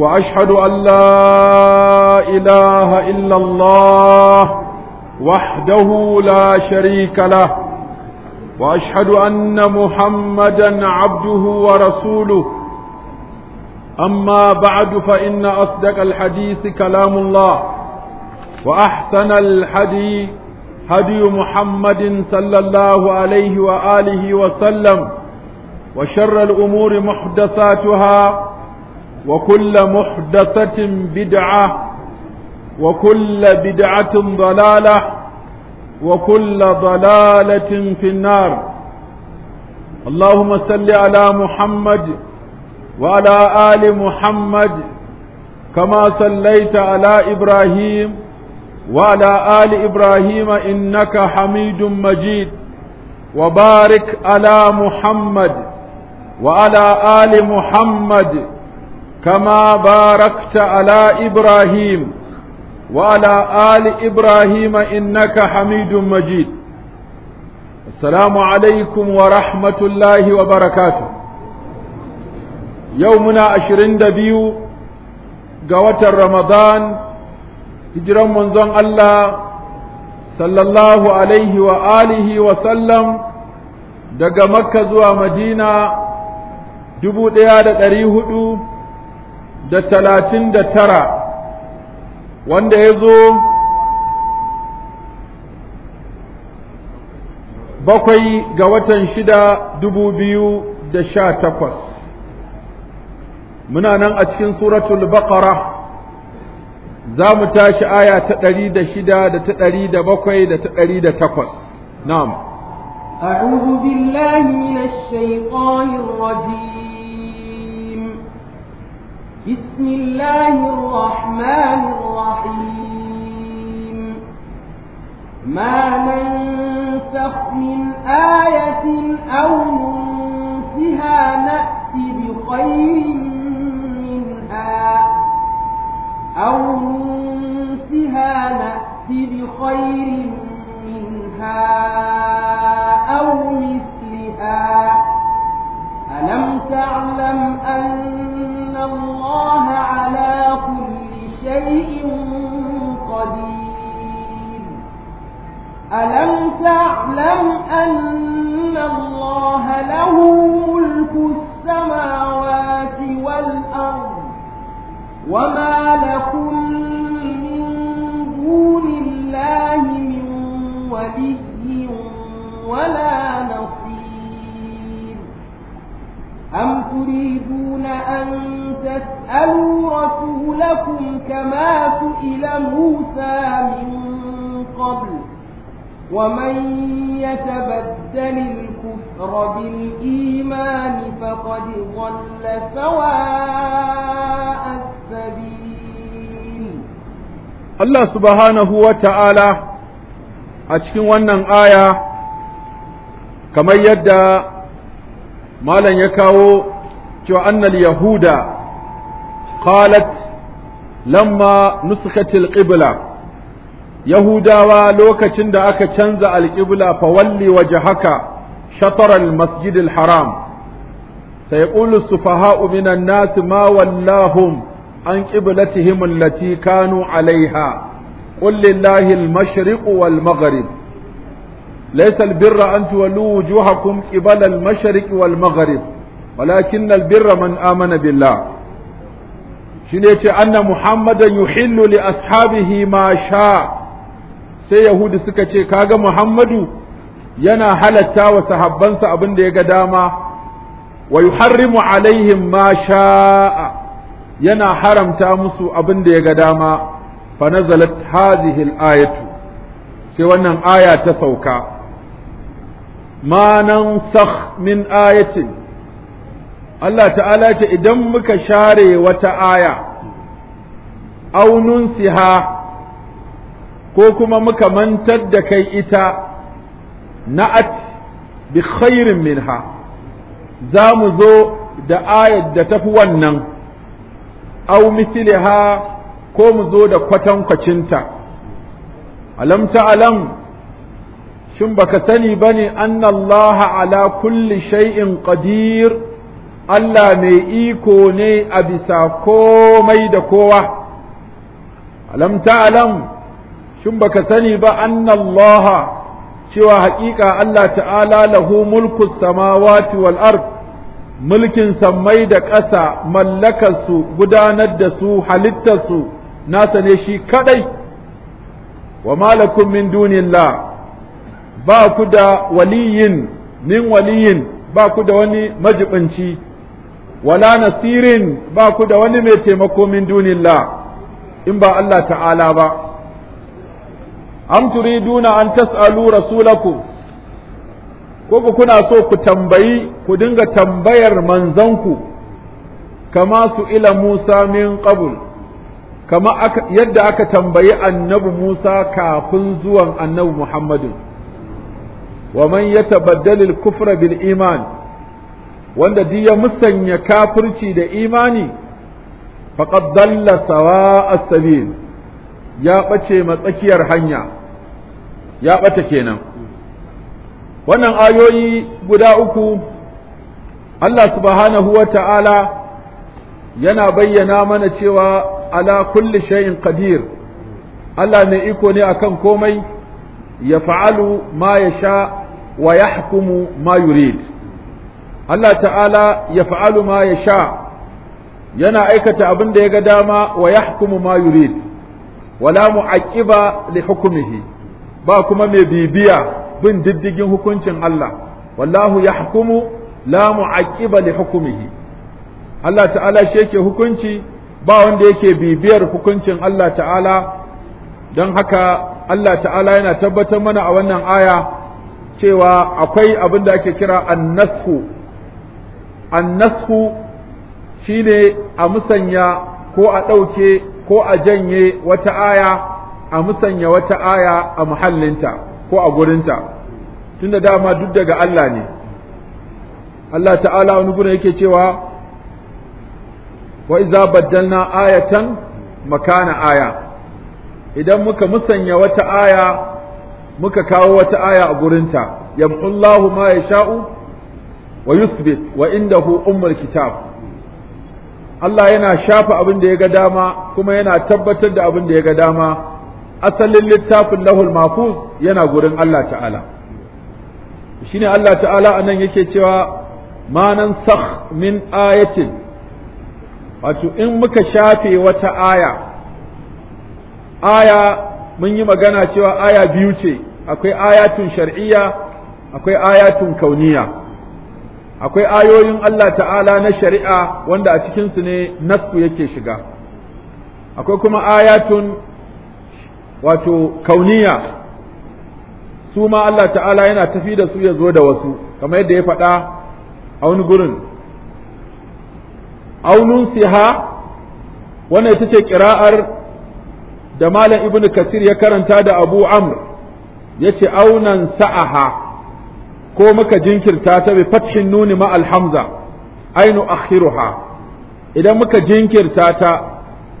وأشهد أن لا إله إلا الله وحده لا شريك له وأشهد أن محمدا عبده ورسوله أما بعد فإن أصدق الحديث كلام الله وأحسن الحدي هدي محمد صلى الله عليه وآله وسلم وشر الأمور محدثاتها وكل محدثة بدعة وكل بدعة ضلالة وكل ضلالة في النار اللهم صل على محمد وعلى آل محمد كما صليت على إبراهيم وعلى آل إبراهيم إنك حميد مجيد وبارك على محمد وعلى آل محمد كما باركت على إبراهيم وعلى آل إبراهيم إنك حميد مجيد السلام عليكم ورحمة الله وبركاته يومنا أشرين دبيو قوة رمضان هجرا منزون الله صلى الله عليه وآله وسلم دق مكة زوى مدينة دبو ديادة أريه da talatin da tara wanda ya zo bakwai ga watan shida dubu biyu da sha takwas muna nan a cikin suratul baqara za mu tashi aya ta ɗari da shida da ta ɗari da bakwai da ta ɗari da takwas na'am أعوذ بالله من الشيطان الرجيم بسم الله الرحمن الرحيم ما ننسخ من آية أو ننسها نأتي بخير منها أو ننسها نأتي بخير منها أو مثلها ألم تعلم أن الله على كل شيء قدير ألم تعلم أن الله له ملك السماوات والأرض وما لكم من دون الله من ولي ولا نصير أم تريدون أن تسألوا رسولكم كما سئل موسى من قبل ومن يتبدل الكفر بالإيمان فقد ضل سواء السبيل الله سبحانه وتعالى أشكي ونن آية كما يدى malam ya kawo cewa annal yahuda qalat lamma nuskatil qibla yahudawa lokacin da aka canza alƙibla fa walli wajhaka shafarar almasjid alharam Sai as-sufaha'u minan nas ma wallahum an qiblatihim allati kanu alaiha qul lillahi al wal maghrib ليس البر أن تولوا وجوهكم قبل المشرق والمغرب ولكن البر من آمن بالله شنيتي أن محمدا يحل لأصحابه ما شاء sai Yahudu suka ce kaga Muhammadu yana halatta wa sahabbansa abin da ya ga dama wa yuharrimu alaihim ma sha'a yana haramta musu abin da ya ga dama fa nazalat hadhihi al-ayatu sai wannan aya ta sauka Manan nan min ayatin Allah ta'ala ce idan muka share wata aya aunun siha ko kuma muka mantar da kai ita na'at bi khairin minha za mu zo da ayar da tafi wannan au misliha ko mu zo da kwatankwacinta alam ta alam shin baka sani bane annallaha ala kulli shay'in qadir Allah mai iko ne a bisa komai da kowa alam ta'lam shin baka sani ba annallaha cewa haƙiƙa Allah ta'ala lahu mulku samawati wal ard mulkin sammai da ƙasa mallakarsu gudanar da su halittarsu nasa ne shi kaɗai. wa malakum min dunillah ba ku da waliyin min waliyin ba ku da wani majibanci wala nasirin ba ku da wani mai taimako min dunilla in ba Allah ta'ala ba am turiduna an tas'alu rasulakum ko ku kuna so ku tambayi ku dinga tambayar manzanku kama su ila Musa min qabl kama yadda aka tambayi annabi Musa kafin zuwan annabi Muhammadu. wa man yatabaddal al-kufra bil iman wanda duk musanya kafirci da imani faqad dalla sawa'a sabil ya bace matsakiyar hanya ya ɓace kenan wannan ayoyi guda uku Allah subhanahu wa ta'ala yana bayyana mana cewa ala kulli shay'in qadir Allah mai iko ne akan komai ya fa'alu ma ya sha wa yahkumu ma yurid Allah ta'ala ya fa'alu ma ya sha yana aikata abin da ya ga dama wa yahkumu ma yurid wala mu'aqiba li hukmihi ba kuma mai bibiya bin diddigin hukuncin Allah wallahu yahkumu la mu'aqiba li hukmihi Allah ta'ala shi yake hukunci ba wanda yake bibiyar hukuncin Allah ta'ala don haka Allah ta'ala yana tabbatar mana a wannan aya cewa akwai abin da ake kira annasfu annasfu shine a musanya ko a ɗauke ko a janye wata aya a musanya wata aya a muhallinta ko a gurinta tunda dama duk daga Allah ne Allah ta'ala wani gurin yake cewa wa iza baddalna ayatan makana aya idan muka musanya wata aya muka kawo wata aya a gurinta yamhullahu ma yasha'u wa yusbit wa indahu ummul kitab Allah yana shafa abin da ya ga dama kuma yana tabbatar da abin da ya dama asalin littafin lahul mahfuz yana gurin Allah ta'ala shine Allah ta'ala anan yake cewa manan nan sakh min ayatin wato in muka shafe wata aya aya mun yi magana cewa aya biyu ce akwai ayatun shar'iyya akwai ayatun kauniya akwai ayoyin Allah ta'ala na shari'a wanda a cikinsu ne nasku yake shiga akwai kuma ayatun wato kauniya su ma Allah ta'ala yana tafi da su ya zo da wasu kamar yadda ya faɗa a wani gurin aunun siha wannan ita ce ƙira'ar da malam ibnu kasir ya karanta da abu amr yace aunan sa'aha ko muka jinkirta ta bi fathin nuni ma alhamza ainu akhiruha idan muka jinkirta ta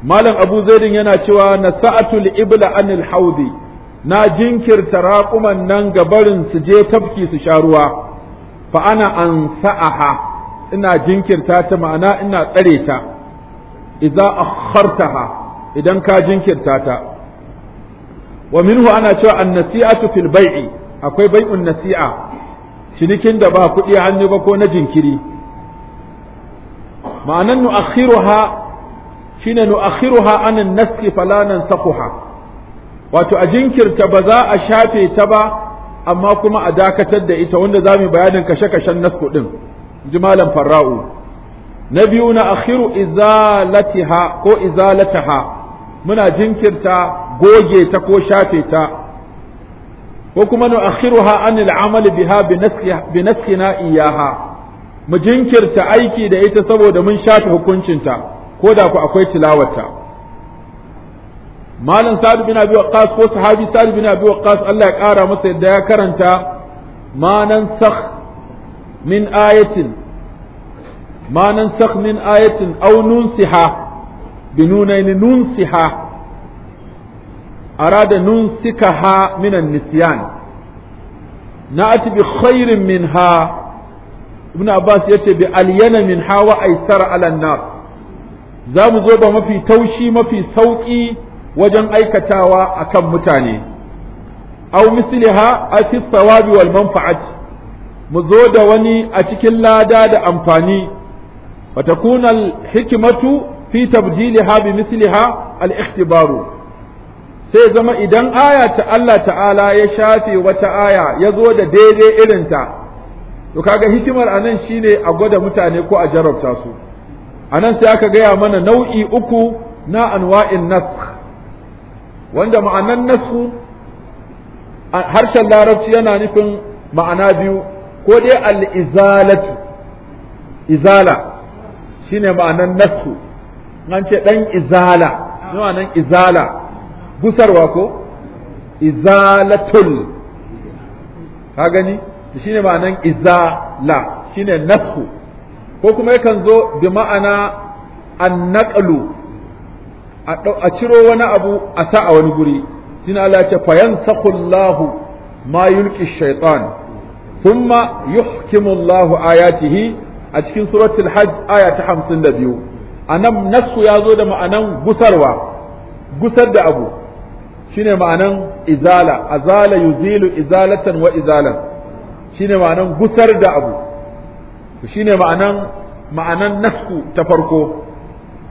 malam abu zaidin yana cewa na saatul ibla anil haudi na jinkirta raƙuman nan gabarin su je tafki su sha ruwa fa ana an sa'aha ina jinkirta ta ma'ana ina tsare ta idza akhartaha idan ka jinkirta ta wa minhu ana cewa an-nasi'atu fil akwai bai'un nasi'a cinikin da ba kuɗi hannu ba ko na jinkiri ma'anan nu'akhiruha shine nu'akhiruha anan naski fala nansakhuha wato a jinkirta ba za a shafe ta ba amma kuma a dakatar da ita wanda za mu yi bayanin kashe-kashen nasku din farra'u na biyu na akhiru izalatiha ko izalataha muna jinkirta goge ta ko shafe ta ko kuma nu akhiruha an biha bi naskina iyaha mu jinkirta aiki da ita saboda mun shafe hukuncinta ko da ku akwai tilawarta malam sa'ad bin abi waqqas ko sahabi sa'ad bin abi waqqas Allah ya kara masa yadda ya karanta manan sakh min ayatin manan sakh min ayatin aw nunsiha binunayni nunsiha arada nunsikaha minan nisyan na'ati kairin khairin minha ibn abbas yace bi alyana minha wa aisara ala za mu zo ba mafi taushi mafi sauƙi wajen aikatawa akan mutane aw misliha fi thawabi wal manfa'at mu zo da wani a cikin lada da amfani fatakuna hikimatu hikmatu fi tabdiliha bi misliha al ikhtibaru sai zama idan aya ta Allah ta'ala ya shafe wata aya ya zo da daidai irinta to kaga hikimar anan shine a gwada mutane ko a jarabta su anan sai aka gaya mana nau'i uku na anwa'in nasakh wanda ma'anan nasu harshen larabci yana nufin ma'ana biyu ko dai al'izalatu izala shine ma'anan nasu an ce dan izala ma'anan izala gusarwa ko izalatul ka gani shine ma'anan izala shine nasu ko kuma yakan zo bi ma'ana annaqlu a ciro wani abu a sa a wani guri shine Allah ya ce fayansakhullahu ma yulqi shaytan thumma yuhkimu Allahu ayatihi a cikin suratul hajj aya ta 52 anan nasu ya zo da ma'anan gusarwa gusar da abu shine ma'anan izala azala yuzilu izalatan wa izalan shine ma'anan gusar da abu shine ma'anan ma'anan nasku ta farko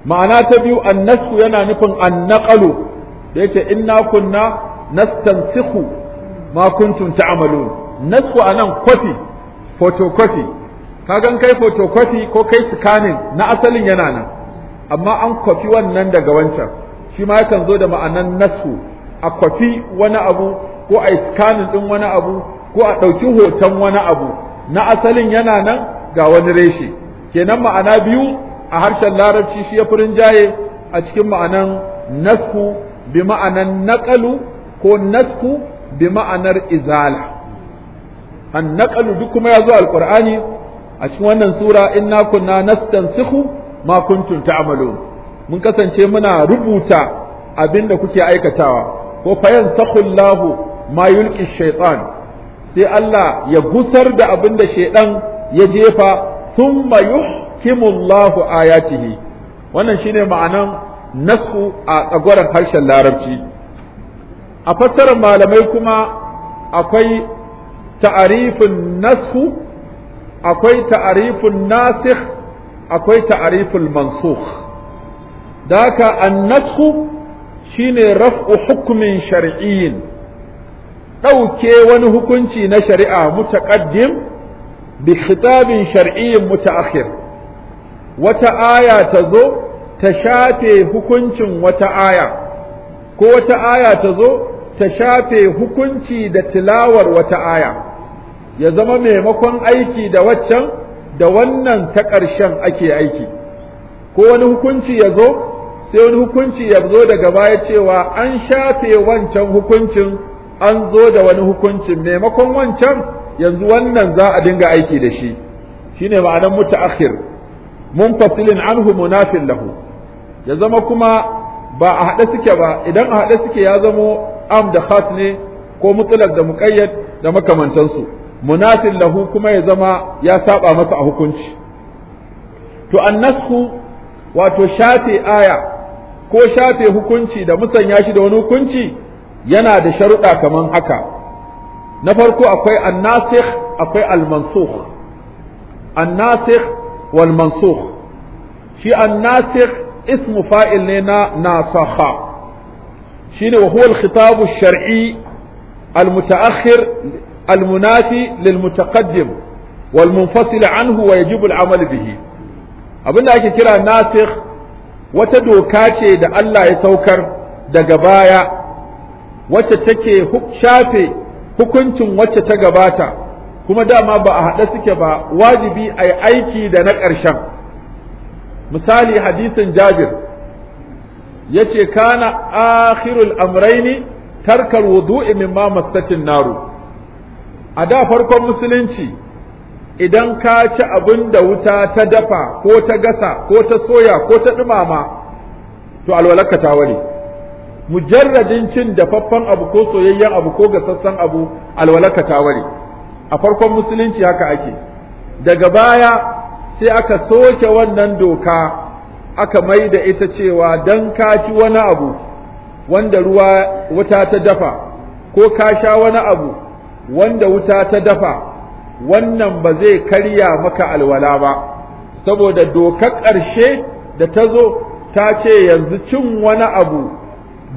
ma'ana ta biyu annasku yana nufin annaqalu da yace inna kunna nastansikhu ma kuntum ta'malun nasku anan kwafi photocopy kagan kai photocopy ko kai scanning na asalin yana nan amma an kwafi wannan daga wancan shi ma yakan zo da ma'anan Nasku. a kwafi wani abu ko a iskanin ɗin wani abu ko a ɗauki hoton wani abu na asalin yana nan ga wani reshe kenan ma'ana biyu a harshen larabci shi ya furin jaye a cikin ma'anan nasku bi ma'anan naƙalu ko nasku bi ma'anar izala an naƙalu duk kuma ya zo alƙur'ani a cikin wannan sura inna kunna nastansikhu ma kuntum ta'malun mun kasance muna rubuta abin da kuke aikatawa ko fayan sakullahu ma yulki shaitan sai Allah ya gusar da abin da shaitan ya jefa thumma yuhkimullahu ayatihi wannan shine ma'anan nasu a tsagoran harshen larabci a fassarar malamai kuma akwai ta'arifin nasu akwai ta'arifin nasikh akwai ta'arifin mansukh da haka an nasu shine raf'u hukumin shar'iyyin ɗauke wani hukunci na shari'a mutaqaddim bi khitabin shar'iyyin mutaakhir wata aya ta zo ta shafe hukuncin wata aya ko wata aya ta zo ta shafe hukunci da tilawar wata aya ya zama maimakon aiki da waccan da wannan ta ƙarshen ake aiki ko wani hukunci ya zo sai wani hukunci ya zo daga baya cewa an shafe wancan hukuncin an zo da wani hukuncin maimakon wancan yanzu wannan za a dinga aiki da shi shine ma'anar mutaakhir fasilin anhu munafin lahu ya zama kuma ba a haɗe suke ba idan a haɗe suke ya zamo am da khas ne ko mutlaq da muƙayyad da makamantansu munafin lahu kuma ya zama ya saba masa a hukunci to annasku wato shafe aya ko shafe hukunci da musanya shi da wani hukunci yana da sharuɗa kaman haka na farko akwai annasikh akwai almansukh annasikh wal mansukh shi annasikh ismu fa'il ne na nasakha shine wa huwa al shari al-muta'akhir al lil-mutaqaddim wal munfasil anhu wa yajibu al-amal bihi abinda ake kira nasikh wata doka ce da Allah ya saukar daga baya wacce take shafe hukuncin wacce ta gabata kuma dama ba a haɗe suke ba wajibi a yi aiki da na ƙarshen misali hadisin jabir ya ce kana akhirul amraini tarkar wudu'i mimma masatin naru a da farkon musulunci idan ka ci abin da wuta ta dafa ko ta gasa ko ta soya ko ta dumama, to alwalarka ta ware mujarradin cin dafaffen abu ko soyayyen abu ko gasassan abu alwalarka ta ware a farkon musulunci haka ake daga baya sai aka soke wannan doka aka mai da ita cewa dan ka ci wani abu wanda ruwa wuta ta dafa ko ka sha wani abu wanda wuta ta dafa wannan ba zai karya maka alwala ba saboda dokar ƙarshe da ta zo ta ce yanzu cin wani abu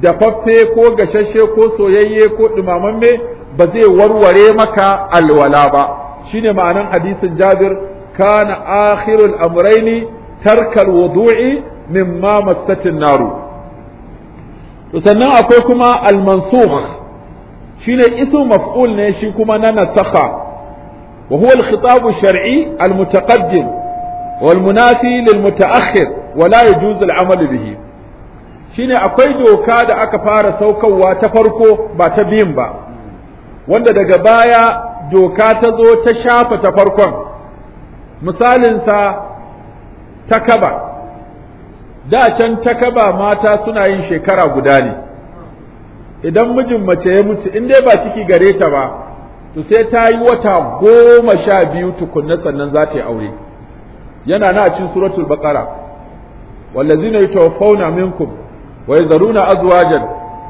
dafaffe ko gashashe ko soyayye ko ɗumamamme ba zai warware maka alwala ba shine ma'anan hadisin jabir kana akhirul amraini tarkal wudu'i mimma massatin naru to sannan akwai kuma al-mansukh shine ismu maf'ul ne shi kuma na nasakha وهو الخطاب الشرعي المتقدم والمنافي للمتأخر ولا يجوز العمل به shine akwai doka da aka fara saukarwa ta farko ba ta biyun ba wanda daga baya doka ta zo ta shafa ta farkon misalinsa takaba da can takaba mata suna yin shekara guda ne idan mijin mace ya mutu in dai ba ciki gare ta ba to sai ta yi wata goma sha biyu tukunna sannan za ta yi aure yana na cin suratul baqara wallazina yatawaffawna minkum wa yazaruna azwajan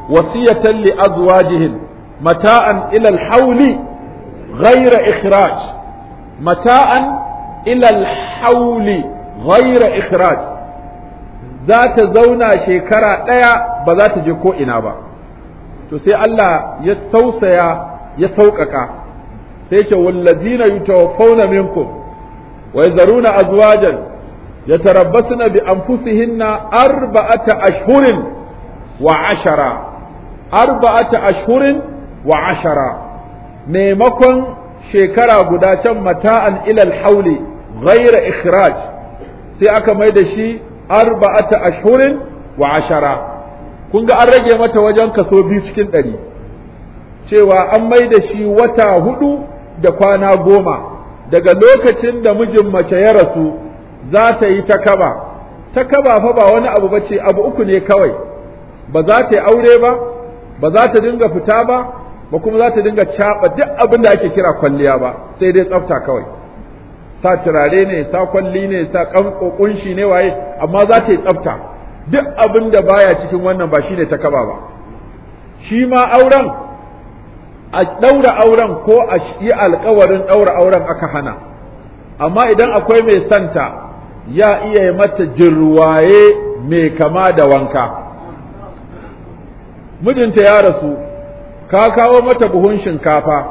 wasiyatan li azwajihim mata'an ila al-hawli ghayra ikhraj mata'an ila al-hawli ghayra ikhraj za ta zauna shekara ɗaya ba za ta je ko ina ba to sai Allah ya tausaya ya sauƙaƙa sai ce wallazina yutawaffawna minkum wa yazaruna azwajan yatarabbasna bi anfusihinna arba'ata ashhurin wa ashara arba'ata ashhurin wa ashara maimakon shekara guda can mata'an ilal hauli Zaira ikhraj sai aka mai da shi arba'ata ashhurin wa ashara kun ga an rage mata wajen kaso biyu cikin ɗari cewa an mai da shi wata hudu da kwana goma daga lokacin da mijin mace ya rasu za ta yi ta kaba ta kaba fa ba wani abu bace abu uku ne kawai ba za ta yi aure ba ba za ta dinga fita ba ba kuma za ta dinga caɓa duk abin da ake kira kwalliya ba sai dai tsafta kawai sa turare ne sa kwalli ne sa kunshi ne waye amma za ta yi tsafta duk abin da baya cikin wannan ba shine ta kaba ba shi ma auren a ɗaura auren ko a yi alkawarin ɗaura auren aka hana amma idan akwai mai santa ya iya mata jirwaye mai kama da wanka mijinta ya rasu ka kawo mata buhun shinkafa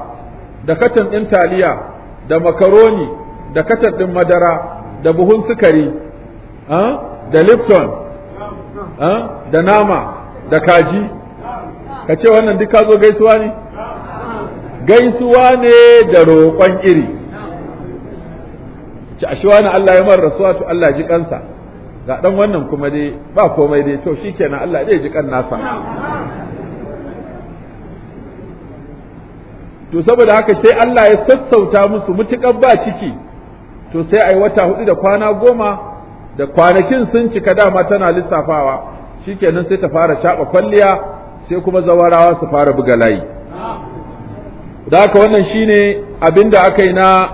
da katin ɗin taliya da makaroni da katin ɗin madara da buhun sukari da lipton da nama da kaji ka ce wannan duk ka zo gaisuwa ne gaisuwa ne da roƙon iri ci a shiwa na Allah ya mara rasuwa to Allah ji kansa ga dan wannan kuma dai ba komai dai to shikenan Allah zai ji kan nasa to saboda haka sai Allah ya sassauta musu mutukar ba ciki to sai a yi wata hudu da kwana goma da kwanakin sun cika dama tana lissafawa shikenan sai ta fara shaɓa kwalliya sai kuma zawarawa su fara buga layi da haka wannan shine da aka yi na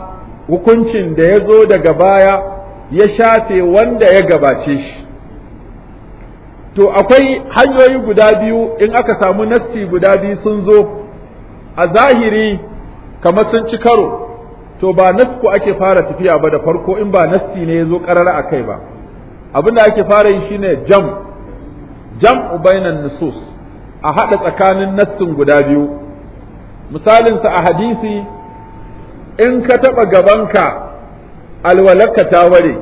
hukuncin da ya zo daga baya ya shafe wanda ya gabace shi to akwai hanyoyi guda biyu in aka samu nassi guda biyu sun zo a zahiri kamar sun ci karo to ba nasku ake fara tafiya ba da farko in ba nassi ne ya zo karara a kai ba abin da ake fara yi shine jam jam bainan nusus a haɗa tsakanin nassin guda biyu misalinsa a hadisi in ka taɓa gabanka alwalakka ta ware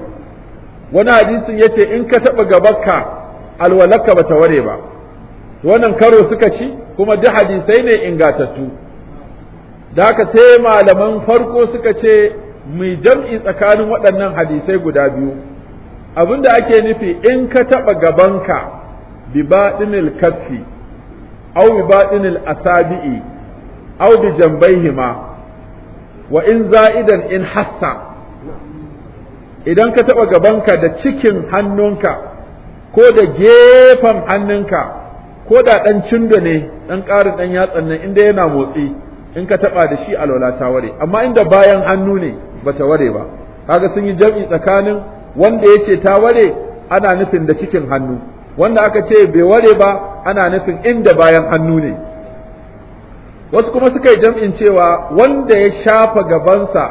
wani hadisin ya ce in ka taɓa gabanka alwalakka ba ta ware ba wannan karo suka ci kuma duk hadisai ne ingatattu da haka sai malaman farko suka ce mai jam'i tsakanin waɗannan hadisai guda biyu abinda ake nufi in ka taɓa gabanka bi baɗinil kaffi au bi baɗinil asabi'i aw bi jambayhima wa in za'idan in hassa idan ka taɓa gabanka da cikin hannunka ko da gefen hannunka ko da ɗan cindo ne ɗan ƙarin ɗan yatsan nan inda yana motsi in ka taɓa da shi alwala ta ware amma inda bayan hannu ne ba ta ware ba kaga sun yi jam'i tsakanin wanda ya ce ta ware ana nufin da cikin hannu wanda aka ce bai ware ba ana nufin inda bayan hannu ne wasu kuma suka yi jam'in cewa wanda ya shafa gabansa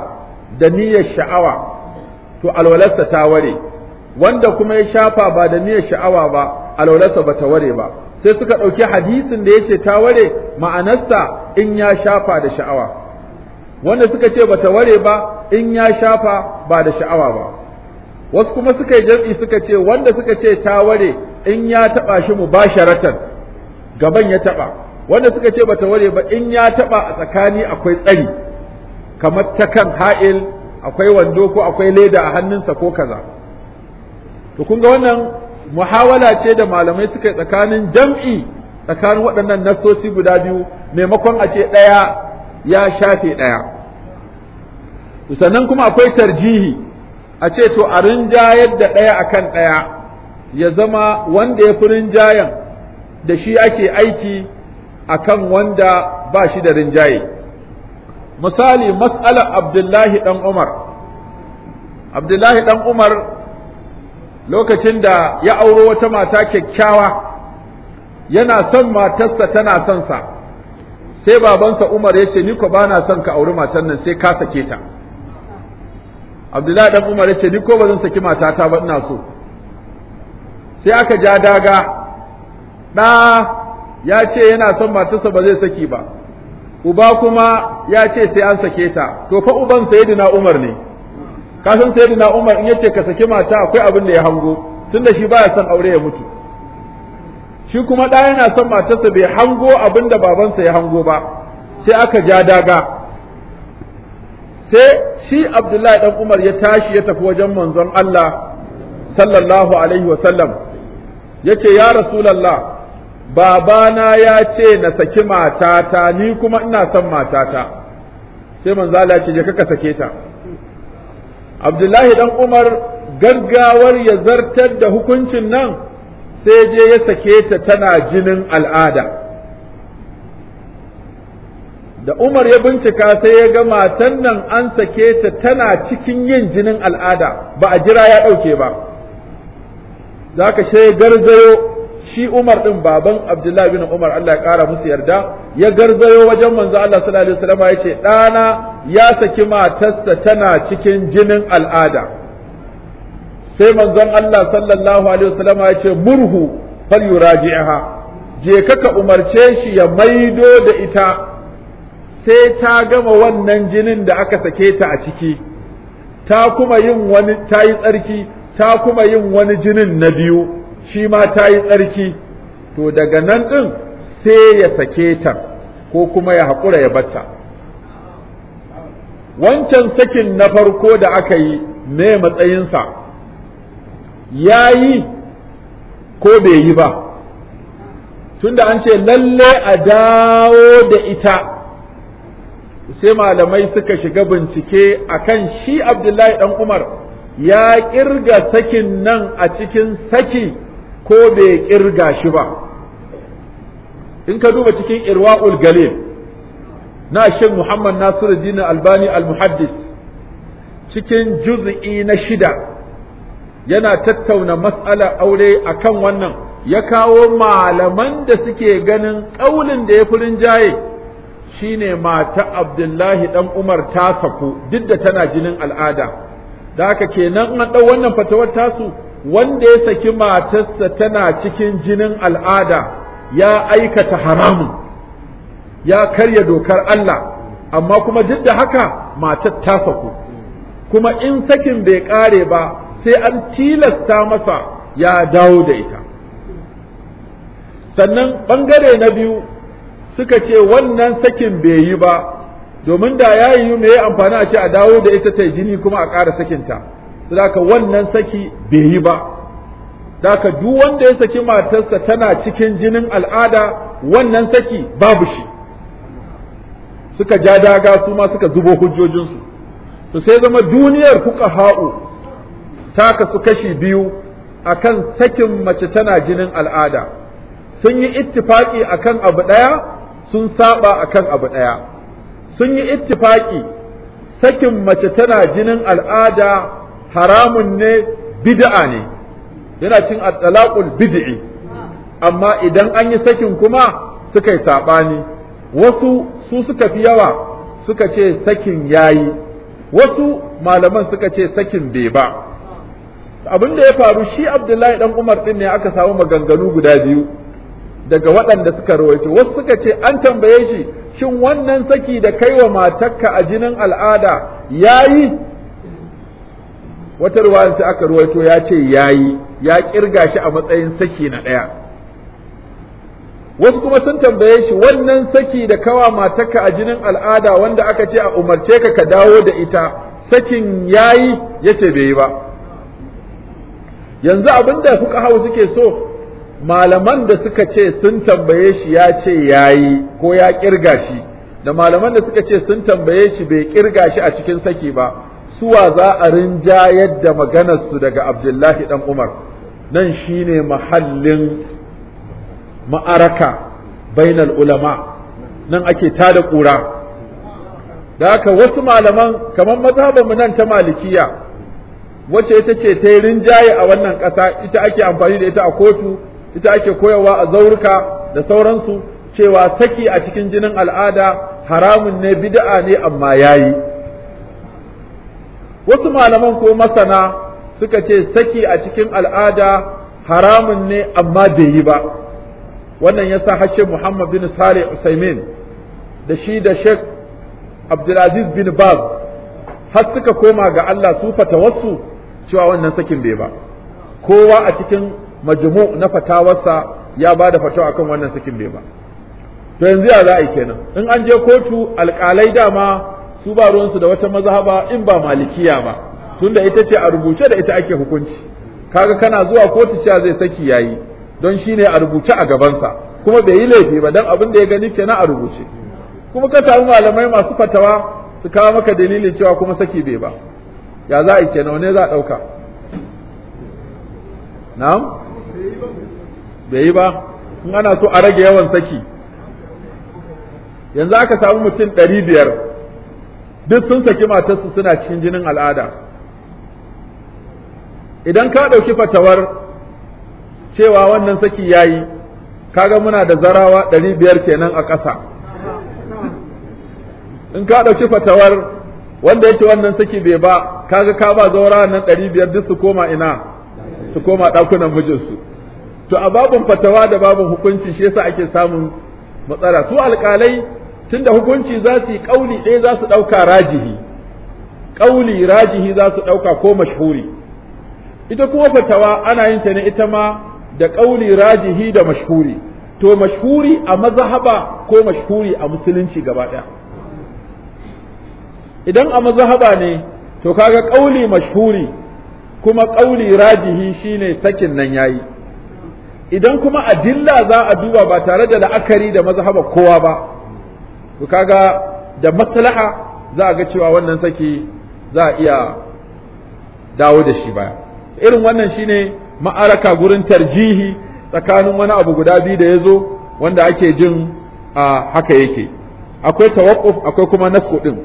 da niyyar sha'awa to alwalarsa ta ware wanda kuma ya shafa ba da niyyar sha'awa ba alwalarsa ba ta ware ba sai suka ɗauki hadisin da ya ce ta ware ma'anarsa in ya shafa da sha'awa wanda suka ce ba ta ware ba in ya shafa ba da sha'awa ba wasu kuma suka yi jam'i suka ce wanda suka ce ta ware in ya taɓa shi mu ba gaban ya taɓa wanda suka ce bata ware ba in ya taba a tsakani akwai tsari kamar ta kan ha'il akwai wando ko akwai leda a hannunsa ko kaza to kun ga wannan muhawala ce da malamai suka yi tsakanin jam'i tsakanin waɗannan nasosi guda biyu maimakon a ce ɗaya ya shafe ɗaya sannan kuma akwai tarjihi a ce to a rinjayar da ɗaya akan ɗaya ya zama wanda ya fi rinjayen da shi ake aiki akan wanda ba shi da rinjaye misali mas'alar abdullahi Ɗan umar abdullahi Ɗan umar lokacin da ya auro wata mata kyakkyawa yana son matarsa tana son sa sai babansa umar ya ce ni ko ba na son ka auri matan nan sai ka sake ta abdullahi dan umar ya ce ni ko ba zan saki matata ba ina so sai aka ja daga ɗa ya ce yana son matarsa ba zai saki ba uba kuma ya ce sai an sake ta to fa uban sayyidina Umar ne kasan sayyidina Umar in yace ka saki mata akwai abin da ya hango tunda shi baya son aure ya mutu shi kuma ɗa yana son matarsa bai hango abin da babansa ya hango ba sai aka ja daga sai shi Abdullahi dan Umar ya tashi ya tafi wajen manzon Allah sallallahu alaihi wa sallam yace ya rasulullah babana ya ce na saki matata ni kuma ina son matata sai manzo Allah ce je ka sake ta Abdullahi dan Umar gaggawar ya zartar da hukuncin nan sai je ya sake ta tana jinin al'ada da Umar ya bincika sai ya ga matan nan an sake ta tana cikin yin jinin al'ada ba a jira ya ɗauke ba za ka garzayo shi Umar din baban Abdullahi bin Umar Allah ya kara musu yarda ya garzayo wajen manzo Allah sallallahu alaihi wasallam ya dana ya saki matarsa tana cikin jinin al'ada sai manzon Allah sallallahu alaihi wasallam ya murhu fal yuraji'aha je ka umarce shi ya maido da ita sai ta gama wannan jinin da aka sake ta a ciki ta kuma yin wani ta yi tsarki ta kuma yin wani jinin na biyu shi ma ta yi tsarki to daga nan ɗin sai ya sake ta ko kuma ya haƙura ya bata. wancan sakin na farko da aka yi me matsayinsa ya yi ko bai yi ba tunda an ce lalle a dawo da ita sai malamai suka shiga bincike akan shi abdullahi dan umar ya kirga sakin nan a cikin saki ko bai kirga shi ba in ka duba cikin irwa'ul galil na shin muhammad nasiruddin albani al-muhaddis cikin juz'i na shida yana tattauna mas'alar aure akan wannan ya kawo malaman da suke ganin ƙaulin da ya fi rinjaye shine mata abdullahi ɗan umar ta saku duk da tana jinin al'ada da haka kenan an ɗau wannan fatawar tasu wanda ya saki matarsa tana cikin jinin al'ada ya aikata haramun ya karya dokar Allah amma kuma duk haka matar ta saku kuma in sakin bai kare ba sai an tilasta masa ya dawo da ita sannan ɓangare na biyu suka ce wannan sakin bai yi ba domin da ya yi me ya amfani a ce a dawo da ita ta jini kuma a ƙara sakinta saka wannan saki bai yi ba daka duk wanda ya saki matarsa tana cikin jinin al'ada wannan saki babu shi suka ja daga su ma suka zubo hujjojinsu to sai zama duniyar kuka ha'u ta kasu kashi biyu akan sakin mace tana jinin al'ada sun yi ittifaki akan abu ɗaya sun saba akan abu ɗaya sun yi ittifaki sakin mace tana jinin al'ada haramun ne bid'a ne yana cin at bid'i amma idan an yi sakin kuma suka yi sabani wasu su suka fi yawa suka ce sakin yayi wasu malaman suka ce sakin bai ba abin da ya faru shi Abdullahi dan Umar din ne aka samu maganganu guda biyu daga waɗanda suka rawaito wasu suka ce an tambaye shi shin wannan saki da kaiwa wa matarka a jinin al'ada yayi wata ruwa ta aka ruwaito ya ce yayi ya kirga shi a matsayin saki na ɗaya wasu kuma sun tambaye shi wannan saki da kawa matarka a jinin al'ada wanda aka ce a umarce ka ka dawo da ita sakin yayi yace bai yi ba yanzu abin da fuka hau suke so malaman da suka ce sun tambaye shi ya ce yayi ko ya kirga shi da malaman da suka ce sun tambaye shi bai kirga shi a cikin saki ba suwa za a rinjayar da maganarsu daga abdullahi dan umar nan shine mahallin ma'araka bainal ulama nan ake tada kura da haka wasu malaman kamar mazhabanmu nan ta malikiya wacce ita ce ta yi rinjaye a wannan ƙasa ita ake amfani da ita a kotu ita ake koyarwa a zaurika da sauransu cewa saki a cikin jinin al'ada haramun ne bid'a ne amma yayi wasu malaman ko masana suka ce saki a cikin al'ada haramun ne amma bai yi ba wannan yasa hashe Muhammad bin Saleh Usaimin da shi da Sheikh Abdulaziz bin Baz har suka koma ga Allah su fatawarsu cewa wannan sakin bai ba kowa a cikin majmu na fatawarsa ya ba da fatawa akan wannan sakin bai ba to yanzu ya za a yi kenan in an je kotu alƙalai dama su ba ruwansu da wata mazhaba in ba malikiya ba tunda ita ce a rubuce da ita ake hukunci kaga kana zuwa kotu cewa zai saki yayi don shine a rubuce a gabansa kuma bai yi laifi ba dan abin da ya gani kenan a rubuce kuma ka samu malamai masu fatawa su kawo maka dalilin cewa kuma saki bai ba ya za a yi kenan ne za a dauka na'am bai yi ba in ana so a rage yawan saki yanzu aka samu mutum ɗari biyar duk sun saki matarsu suna cikin jinin al'ada idan ka ɗauki fatawar cewa wannan saki ya yi kaga muna da zarawa ɗari biyar kenan a ƙasa in ka ɗauki fatawar wanda ya ce wannan saki bai ba kaga ka ba zaura nan ɗari biyar duk su koma ina su koma ɗakunan mijinsu to a babin fatawa da babin hukunci shi yasa ake samun matsala su alƙalai tunda hukunci za su yi ƙauli ɗaya za su ɗauka rajihi ƙauli rajihi za su ɗauka ko mashhuri ita kuma fatawa ana yin ta ne ita ma da ƙauli rajihi da mashhuri to mashhuri a mazahaba ko mashhuri a musulunci gaba ɗaya idan a mazahaba ne to kaga ƙauli mashhuri kuma ƙauli rajihi shine sakin nan yayi idan kuma adilla za a duba ba tare da la'akari da mazhaba kowa ba to kaga da maslaha za a ga cewa wannan saki za a iya dawo da shi baya irin wannan shine ma'araka gurin tarjihi tsakanin wani abu guda biyu da ya zo wanda ake jin a haka yake akwai tawakkuf akwai kuma nasku ɗin.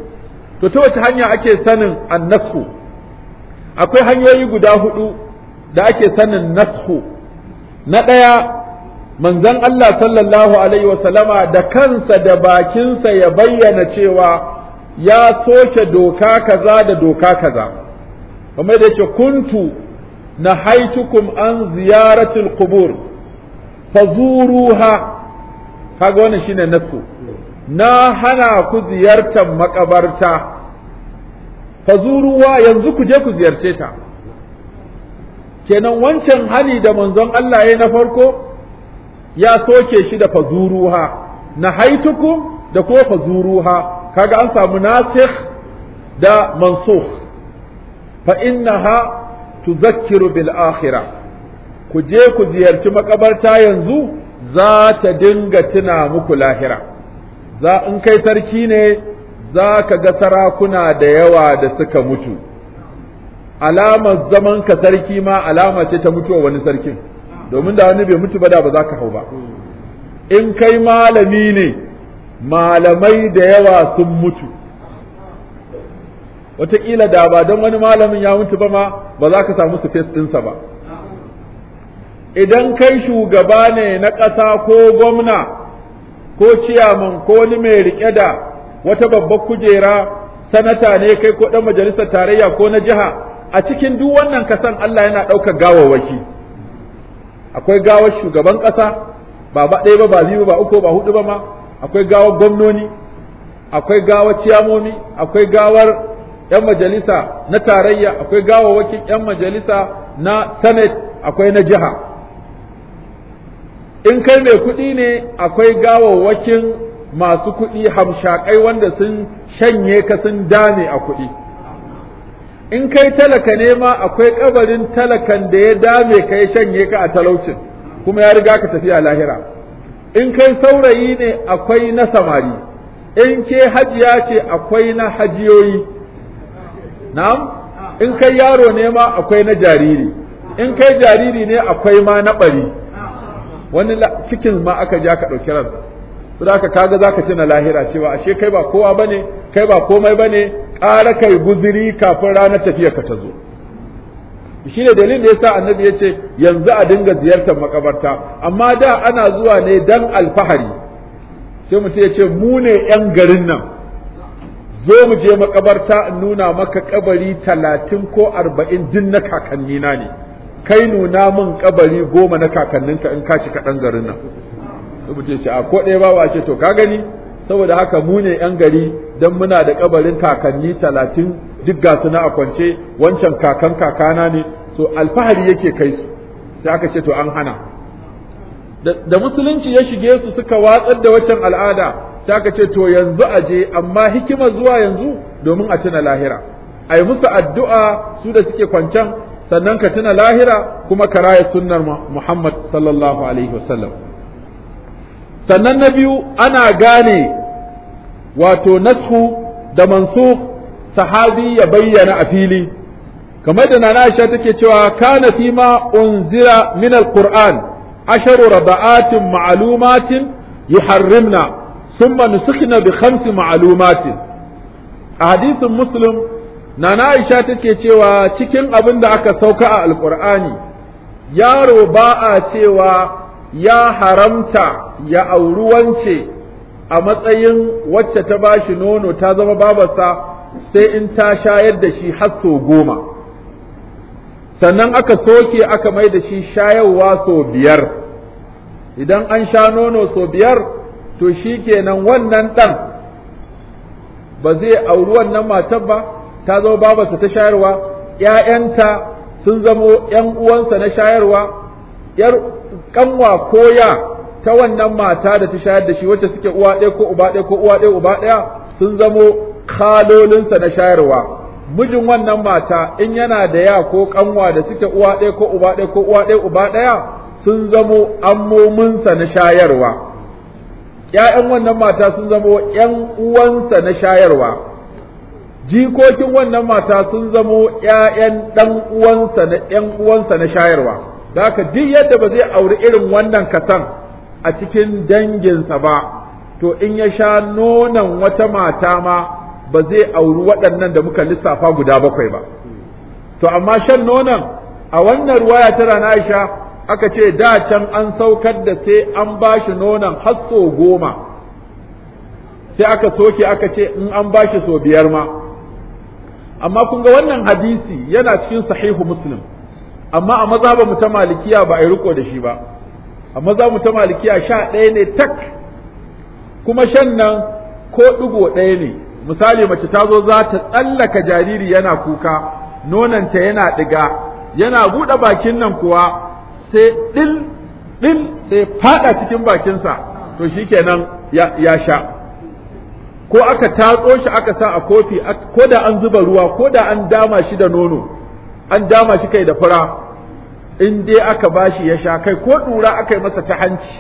to ta wace hanya ake sanin annasku akwai hanyoyi guda hudu da ake sanin nasku na ɗaya manzon Allah sallallahu alaihi wasallama da kansa da bakinsa ya bayyana cewa ya soke doka kaza da doka kaza Kuma da yake kuntu na haitukum an ziyaratil qubur fazuruha kaga wannan shine nasu na hana ku ziyartar makabarta fazuruwa yanzu ku je ku ziyarce ta kenan wancan hali da manzon Allah ya na farko ya soke shi da fazuruha na haituku da ko fazuruha kaga an samu nasikh da mansukh fa innaha tuzakkiru bil akhirah ku je ku ziyarci makabarta yanzu za ta dinga tuna muku lahira za in kai sarki ne za ka ga sarakuna da yawa da suka mutu alamar zaman ka sarki ma alama ce ta mutuwa wani sarkin domin da wani bai mutu ba da ba za ka hau ba in kai malami ne malamai da yawa sun mutu wataƙila da ba don wani malamin ya mutu ba ma ba za ka samu fes ɗinsa ba idan kai shugaba ne na ƙasa ko gwamna ko ciyaman ko wani mai riƙe da wata babbar kujera sanata ne kai ko ɗan majalisar tarayya ko na jiha a cikin duk wannan kasan Allah yana ɗaukar gawawwaki. akwai gawar shugaban ƙasa ba ba ɗaya ba ba biyu ba uku ba hudu ba ma akwai gawar gwamnoni akwai gawar ciyamomi akwai gawar 'yan majalisa na tarayya akwai gawawakin 'yan majalisa na senate akwai na jiha in kai mai kuɗi ne akwai gawawakin masu kuɗi hamshakai wanda sun shanye ka sun dame a kuɗi in kai talaka ne ma akwai kabarin talakan da ya dame ka ya shanye ka a talaucin kuma ya riga ka tafiya lahira in kai saurayi ne akwai na samari in ke hajiya ce akwai na hajiyoyi na'am in kai yaro ne ma akwai na jariri in kai jariri ne akwai ma na bari wani cikin ma aka ja ka ɗauki ransa saboda haka kaga zaka ci na lahira cewa ashe kai ba kowa bane kai ba komai bane ƙara kai guziri kafin ranar tafiya ka ta zo shi ne dalilin da yasa annabi ya ce yanzu a dinga ziyartar makabarta amma da ana zuwa ne dan alfahari sai mutum ya ce mu ne 'yan garin nan zo mu je makabarta in nuna maka kabari talatin ko arba'in din na kakannina ne kai nuna min kabari goma na kakanninka in ka ci kaɗan garin nan sai mutum ya ce a ko ɗaya ba ce to ka gani saboda haka mu ne 'yan gari dan muna da kabarin kakanni talatin duk ga su na a kwance wancan kakan kakana ne so alfahari yake kai su sai aka ce to an hana da musulunci ya shige su suka watsar da waccan al'ada sai aka ce to yanzu a je amma hikima zuwa yanzu domin a tuna lahira ai musu addu'a su da suke kwancan sannan ka tuna lahira kuma ka raya sunnar Muhammad sallallahu alaihi wasallam sannan na biyu ana gane wato nashu da mansu sahabi ya bayyana a fili kamar da nana Aisha take cewa kana fi ma unzira min alquran asharu rabaatin ma'lumatin yuharrimna thumma nusikhna bi khams ma'lumatin a hadisin muslim nana Aisha take cewa cikin abin da aka sauka a alqur'ani yaro ba a cewa ya haramta ya auri wance a matsayin wacce ta ba shi nono ta zama babarsa sai in ta shayar da shi har sau goma sannan aka soke aka mai da shi shayarwa sau biyar idan an sha nono sau biyar to shi kenan wannan ɗan ba zai auri wannan matar ba ta zama babarsa ta shayarwa ‘ya'yanta sun zama ‘yan uwansa na shayarwa ‘yar ƙanwa koya. ta wannan mata da ta shayar da shi wacce suke uwa ɗaya ko uba ɗaya ko uwa ɗaya uba ɗaya sun zamo kalolinsa na shayarwa mijin wannan mata in yana da ya ko kanwa da suke uwa ɗaya ko uba ɗaya ko uwa ɗaya uba ɗaya sun zamo ammominsa na shayarwa ‘ya'yan wannan mata sun zamo ƴan uwansa na shayarwa jikokin wannan mata sun zamo ƴaƴan ɗan uwansa na ƴan uwansa na shayarwa da haka duk yadda ba zai auri irin wannan kasan a cikin danginsa ba to in ya sha nonon wata mata ma ba zai auri waɗannan da muka lissafa guda bakwai ba to amma shan nonon a wannan ruwaya ta rana Aisha aka ce da can an saukar da sai an bashi nonon har so goma sai aka soke aka ce in an bashi so biyar ma amma kun ga wannan hadisi yana cikin sahihu muslim amma a mazhabin mu ta malikiya ba a yi riko da shi ba amma za mu ta malikiya sha ɗaya ne tak kuma shan nan ko ɗigo ɗaya ne misali mace ta zo za ta tsallaka jariri yana kuka nonanta yana ɗiga yana buɗe bakin nan kuwa sai ɗin ɗin sai faɗa cikin bakinsa to shi ke ya, ya sha ko aka tatso shi aka sa a kofi ko da an zuba ruwa ko da an dama shi da nono an dama shi kai da fura in dai aka bashi ya sha kai ko ɗura aka yi masa ta hanci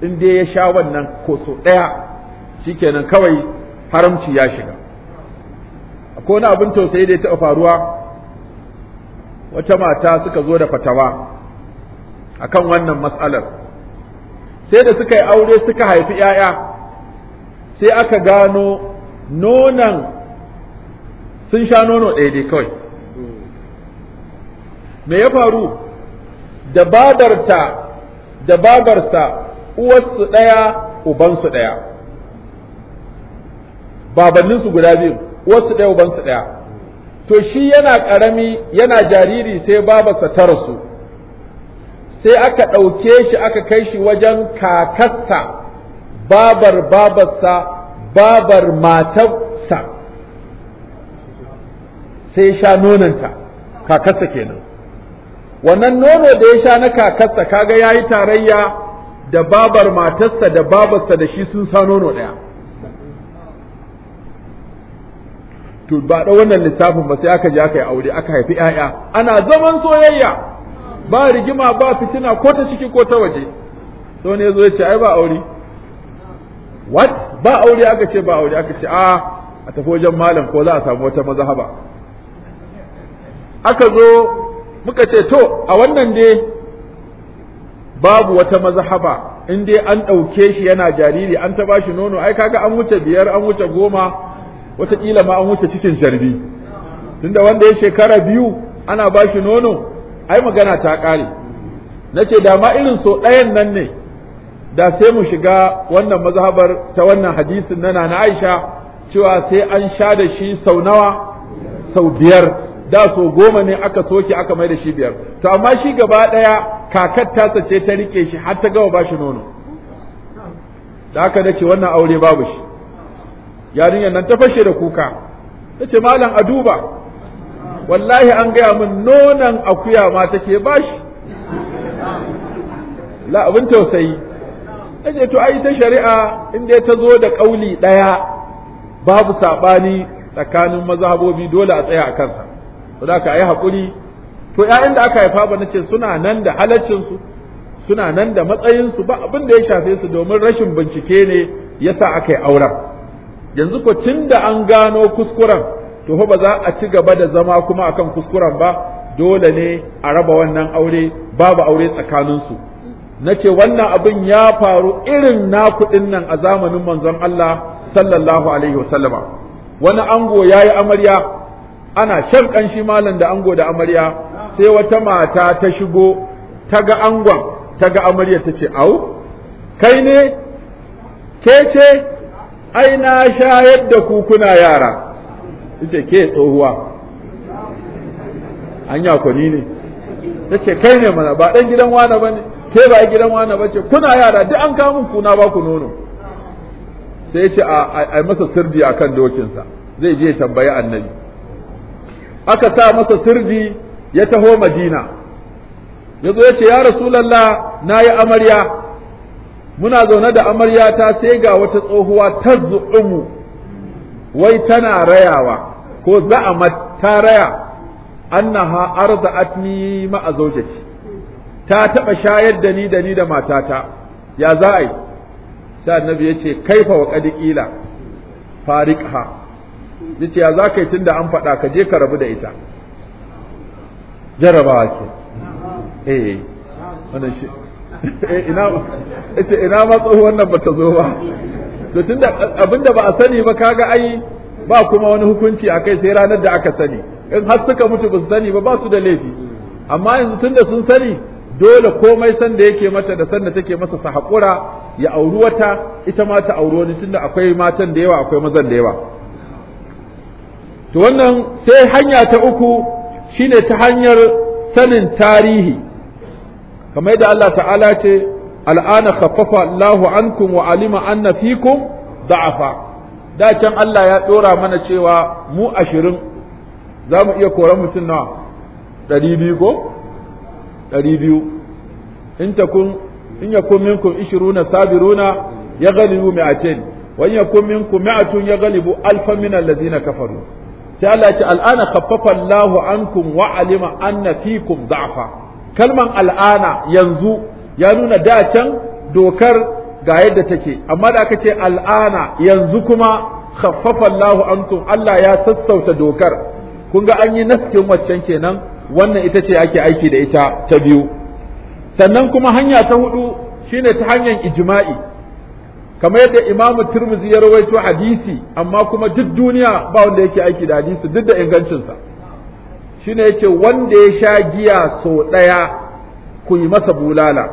in dai ya sha wannan ko koso ɗaya shikenan kawai haramci ya shiga akwai wani abin tausayi da ya taɓa faruwa wata mata suka zo da fatawa akan wannan matsalar sai da suka yi aure suka haifi 'ya'ya sai aka gano nonan sun sha nono ɗaya dai kawai me ya faru da badarta da babarsa uwarsu ɗaya ubansu ɗaya babanninsu guda biyu uwarsu ɗaya ubansu ɗaya to shi yana ƙarami yana jariri sai babarsa ta rasu sai aka ɗauke shi aka kai shi wajen kakarsa babar babarsa babar matarsa sai sha nonanta kakarsa kenan wannan nono da ya sha na kakarsa kaga ya yi tarayya da babar matarsa da babarsa da shi sun sa nono ɗaya to ba da wannan lissafin ba sai aka je aka yi aure aka haifi 'ya'ya ana zaman soyayya ba rigima ba fitina ko ta ciki ko ta waje sau ne zo ya ce ai ba aure what ba aure aka ce ba aure aka ce a a tafi wajen malam ko za a samu wata haba? aka zo muka ce to a wannan dai babu wata mazhaba in dai an ɗauke shi yana jariri an ta bashi nono ai kaga an wuce biyar an wuce goma wataƙila ma an wuce cikin jarbi tunda wanda ya shekara biyu ana bashi nono ai magana ta kare na ce da ma irin so ɗayan nan ne da sai mu shiga wannan mazhabar ta wannan hadisin na na Aisha cewa sai an sha da shi sau nawa sau biyar da so goma ne aka soke aka mai da shi biyar to amma shi gaba ɗaya kakar ta sace ta rike shi har ta gawa ba shi nono da aka nace wannan aure babu shi yarinyar nan ta fashe da kuka ta ce malam a duba wallahi an gaya min nonon akuya ma take ba shi la abin tausayi ta ce to ai ta shari'a inda ta zo da ƙauli ɗaya babu saɓani tsakanin mazhabobi dole a tsaya a kansa za ka yi hakuri? to ‘ya'yan da aka haifa ba na ce suna nan da halaccinsu suna nan da matsayinsu ba abin da ya shafe su domin rashin bincike ne ya sa aka yi auren yanzu ko tun da an gano kuskuren to ba za a ci gaba da zama kuma akan kuskuren ba dole ne a raba wannan aure babu aure tsakaninsu na ce wannan abin ya faru irin na nakuɗin nan a zamanin manzon Allah sallallahu alaihi wasallama wani ango ya yi amarya ana shan ƙanshi malam da ango da amarya sai wata mata ta shigo ta ga angon ta ga amarya ta ce au kai ne ke ce ai na shayar da ku kuna yara ta ce ke tsohuwa anya ni ne ta ce kai ne mana ba ɗan gidan wane ba ne ke ba gidan wane ba ce kuna yara duk an kamun kuna ba ku nono sai ya ce a masa sirdi akan dokinsa zai je tambayi annabi aka sa masa sirdi ya taho madina ya zo ya ce ya rasulallah na yi amarya muna zaune da amarya ta sai ga wata tsohuwa ta zu'umu wai tana rayawa ko za'a ta raya annaha arza'atni ma zaujati ta taɓa shayar da ni da ni da matata ya za'ai sai annabi ya kaifa wa qadiqila fariqha yace ya za ka yi tunda an faɗa ka je ka rabu da ita jarabawa ke eh, eh wannan shi eh, ina ita ina ma wannan ba ta zo ba to tunda abinda ba a sani ba kaga ai ba kuma wani hukunci a kai sai ranar da aka sani in har suka mutu ba su sani ba ba su da laifi amma yanzu tunda sun sani dole komai san da yake mata da san da take masa sa haƙura ya auri wata ita ma ta auri wani tunda akwai matan da yawa akwai mazan da yawa to wannan sai hanya ta uku shine ta hanyar sanin tarihi kamar da Allah ta'ala ce al'ana khaffafa Allahu ankum wa alima anna fikum da'afa da can Allah ya dora mana cewa mu ashirin za mu iya koran mutum nawa ɗari biyu ko ɗari biyu in takun in yakun minkum ishiruna sabiruna ya galibu mi'atin wa in yakun minkum mi'atun ya galibu alfa min allazina kafaru sai Allah ce al'ana khaffafa Allahu ankum wa alima anna fikum da'fa kalman al'ana yanzu ya nuna da can dokar ga yadda take amma da aka ce al'ana yanzu kuma khaffafa Allahu ankum Allah ya sassauta dokar kun ga an yi naskin waccan kenan wannan ita ce ake aiki da ita ta biyu sannan kuma hanya ta hudu shine ta hanyar ijma'i kamar yadda imamu turmuzi ya rawaito hadisi amma kuma duk duniya ba wanda yake aiki da hadisi duk da ingancinsa shine yace wanda ya sha giya sau ɗaya ku yi masa bulala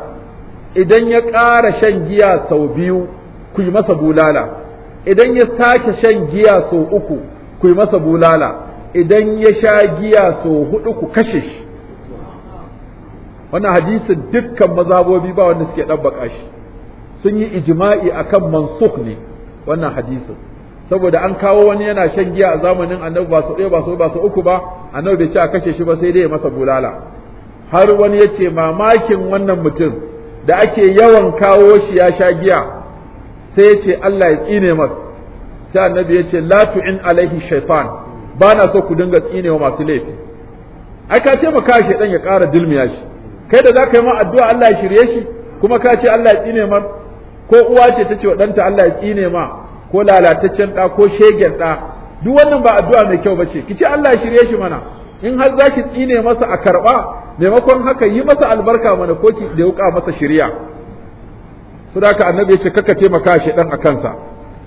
idan ya ƙara shan giya sau biyu ku yi masa bulala idan ya sake shan giya sau uku ku yi masa bulala idan ya sha giya sau hudu ku kashe shi wannan hadisin dukkan mazabobi ba wanda suke ɗabbaka shi sun yi ijma'i akan mansukh ne wannan hadisin saboda an kawo wani yana shan giya a zamanin annabi ba su ɗaya ba su ba su uku ba annabi bai ce a kashe shi ba sai dai ya masa bulala har wani ya ce mamakin wannan mutum da ake yawan kawo shi ya sha giya sai ya ce Allah ya tsine masa sai annabi ya ce la tu'in alaihi shaitan ba na so ku dinga tsinewa masu laifi ai ka ce taimaka shi dan ya ƙara dulmiya shi kai da zaka ka yi ma addu'a Allah ya shirye shi kuma ka ce Allah ya tsine masa ko uwa ce ta ce wa ɗanta Allah ya tsine ma ko lalataccen ɗa ko shegen ɗa duk wannan ba addu'a mai kyau bace ki Allah ya shirye shi mana in har zaki tsine masa a karɓa maimakon haka yi masa albarka mana ko ki da wuka masa shirya su da annabi ya ce kaka taimaka shi dan akansa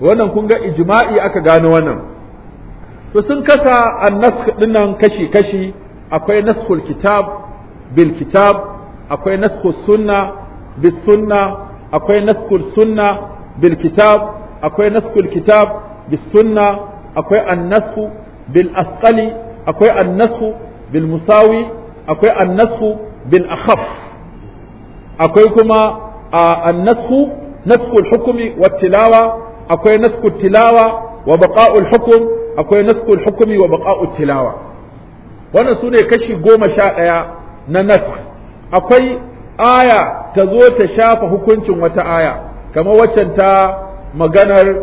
wannan kun ga ijma'i aka gano wannan to sun kasa annas dinnan kashi kashi akwai naskul kitab bil kitab akwai naskul sunna bis sunna akwai naskul sunna bil kitab akwai naskul kitab bis sunna akwai annasku bil asqali akwai annasku bil musawi akwai annasku bil akhaf akwai kuma annasku naskul hukumi wa tilawa akwai naskul tilawa wa baqa'ul hukum akwai naskul hukumi wa baqa'ul tilawa wannan ne kashi goma sha ɗaya na nask akwai aya ta zo ta shafa hukuncin wata aya kamar waccan ta maganar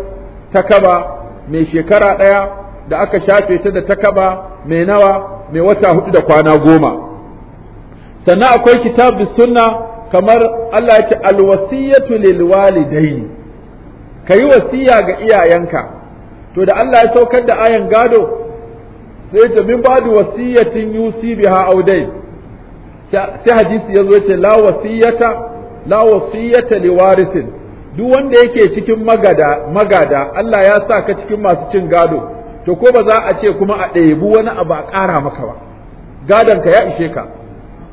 takaba mai shekara ɗaya da aka shafe ta da takaba mai nawa mai wata hudu da kwana goma sannan akwai kitab sunna kamar Allah ya ce alwasiyatu lil kayi wasiya ga iyayenka to da Allah ya saukar da ayan gado sai ta min ba'du wasiyatin yusi biha audain sai hadisi ya zo ya ce la wasiyata la wasiyata li warithin duk wanda yake cikin magada magada Allah ya sa ka cikin masu cin gado to ko ba za a ce kuma a ɗebi wani abu a ƙara maka ba gadon ka ya ishe ka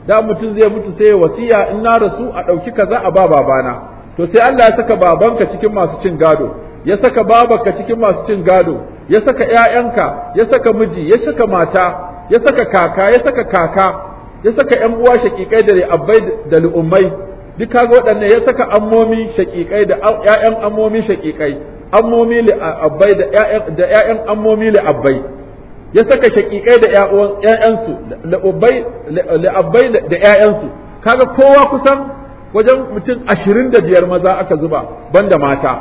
da mutum zai mutu sai ya wasiya in na rasu a ɗauki za a ba babana to sai Allah ya saka babanka cikin masu cin gado ya saka babanka cikin masu cin gado ya saka ƴaƴanka ya saka miji ya saka mata ya saka kaka ya saka kaka ya saka ‘yan uwa shaƙiƙai da abbai da lu'ummai duk kaga waɗannan ya saka ammomi shaƙiƙai da ‘ya'yan ammomi shaƙiƙai ammomi abbai da ‘ya'yan ammomi abbai ya saka shaƙiƙai da ‘ya'yansu abbai da ‘ya'yansu kaga kowa kusan wajen mutum ashirin da biyar maza aka zuba banda mata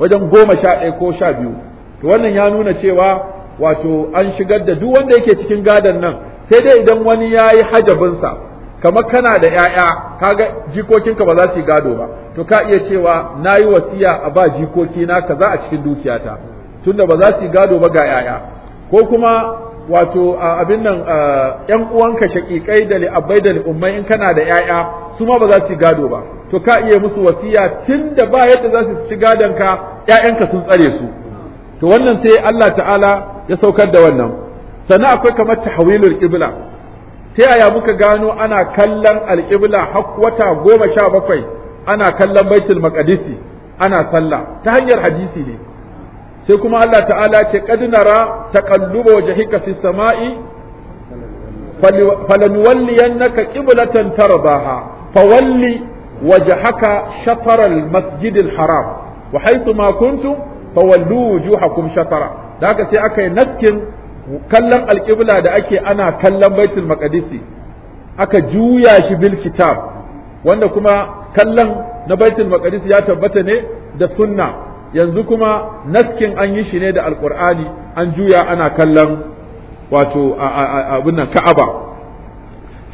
wajen goma sha ɗaya ko sha biyu to wannan ya nuna cewa wato an shigar da duk wanda yake cikin gadon nan sai dai idan wani ya yi hajabinsa kamar kana da ‘ya'ya kaga jikokinka ba za su yi gado ba to ka iya cewa na yi wasiya a ba jikokina kaza a cikin dukiyata tunda ba za su yi gado ba ga ‘ya'ya ko kuma wato abin nan ‘yan uwanka shaƙiƙai da li'abbai da li'ummai in kana da ‘ya'ya su ma ba za su yi gado ba to ka iya musu wasiya tunda ba yadda za su ci gadonka ‘ya'yanka sun tsare su to wannan sai Allah ta'ala ya saukar da wannan sannan akwai kamar tahwilul qibla ta yaya muka gano ana kallon alkibla har wata goma sha bakwai ana kallon baitul maqdisi ana sallah ta hanyar hadisi ne sai kuma Allah ta'ala ce qad nara taqalluba wajhika fis sama'i falanuwalliyannaka qiblatan tardaha fawalli wajhaka shatara al-masjid al-haram wa haythu ma kuntum fawallu wujuhakum shatara da haka sai aka yi naskin kallon alƙibla da ake ana kallon baitul maqdisi aka juya shi bil kitab wanda kuma kallon na baitul maqdisi ya tabbata ne da sunna yanzu kuma naskin an yi shi ne da alqur'ani an juya ana kallon wato abin nan ka'aba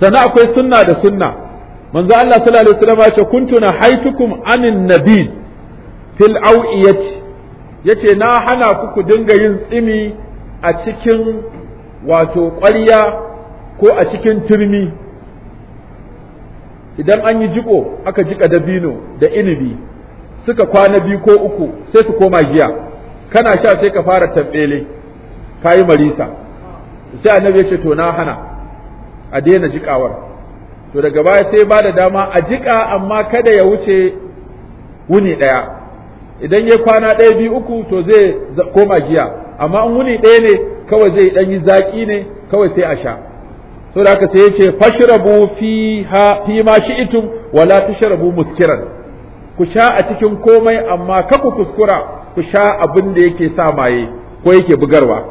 sannan akwai sunna da sunna manzo Allah sallallahu alaihi wasallam ya ce kuntuna haitukum anin nabi fil awiyati yace na hana ku ku dinga yin tsimi a cikin wato ƙwarya ko a cikin turmi idan an yi jiko aka jiƙa dabino da inibi suka kwana biyu ko uku sai su koma giya kana sha sai ka fara tabbele ka yi marisa sai annabi ya ce to na hana a daina jiƙawar. to daga baya sai ba da dama a jiƙa amma kada ya wuce wuni ɗaya idan ya kwana ɗaya biyu uku to zai koma giya amma in wuni ɗaya ne kawai zai ɗan yi zaƙi ne kawai sai a sha so da haka sai ya ce fashrabu fi ha fi ma shi'tum wala tashrabu muskiran ku sha a cikin komai amma ka ku kuskura ku sha abin da yake sa maye ko yake bugarwa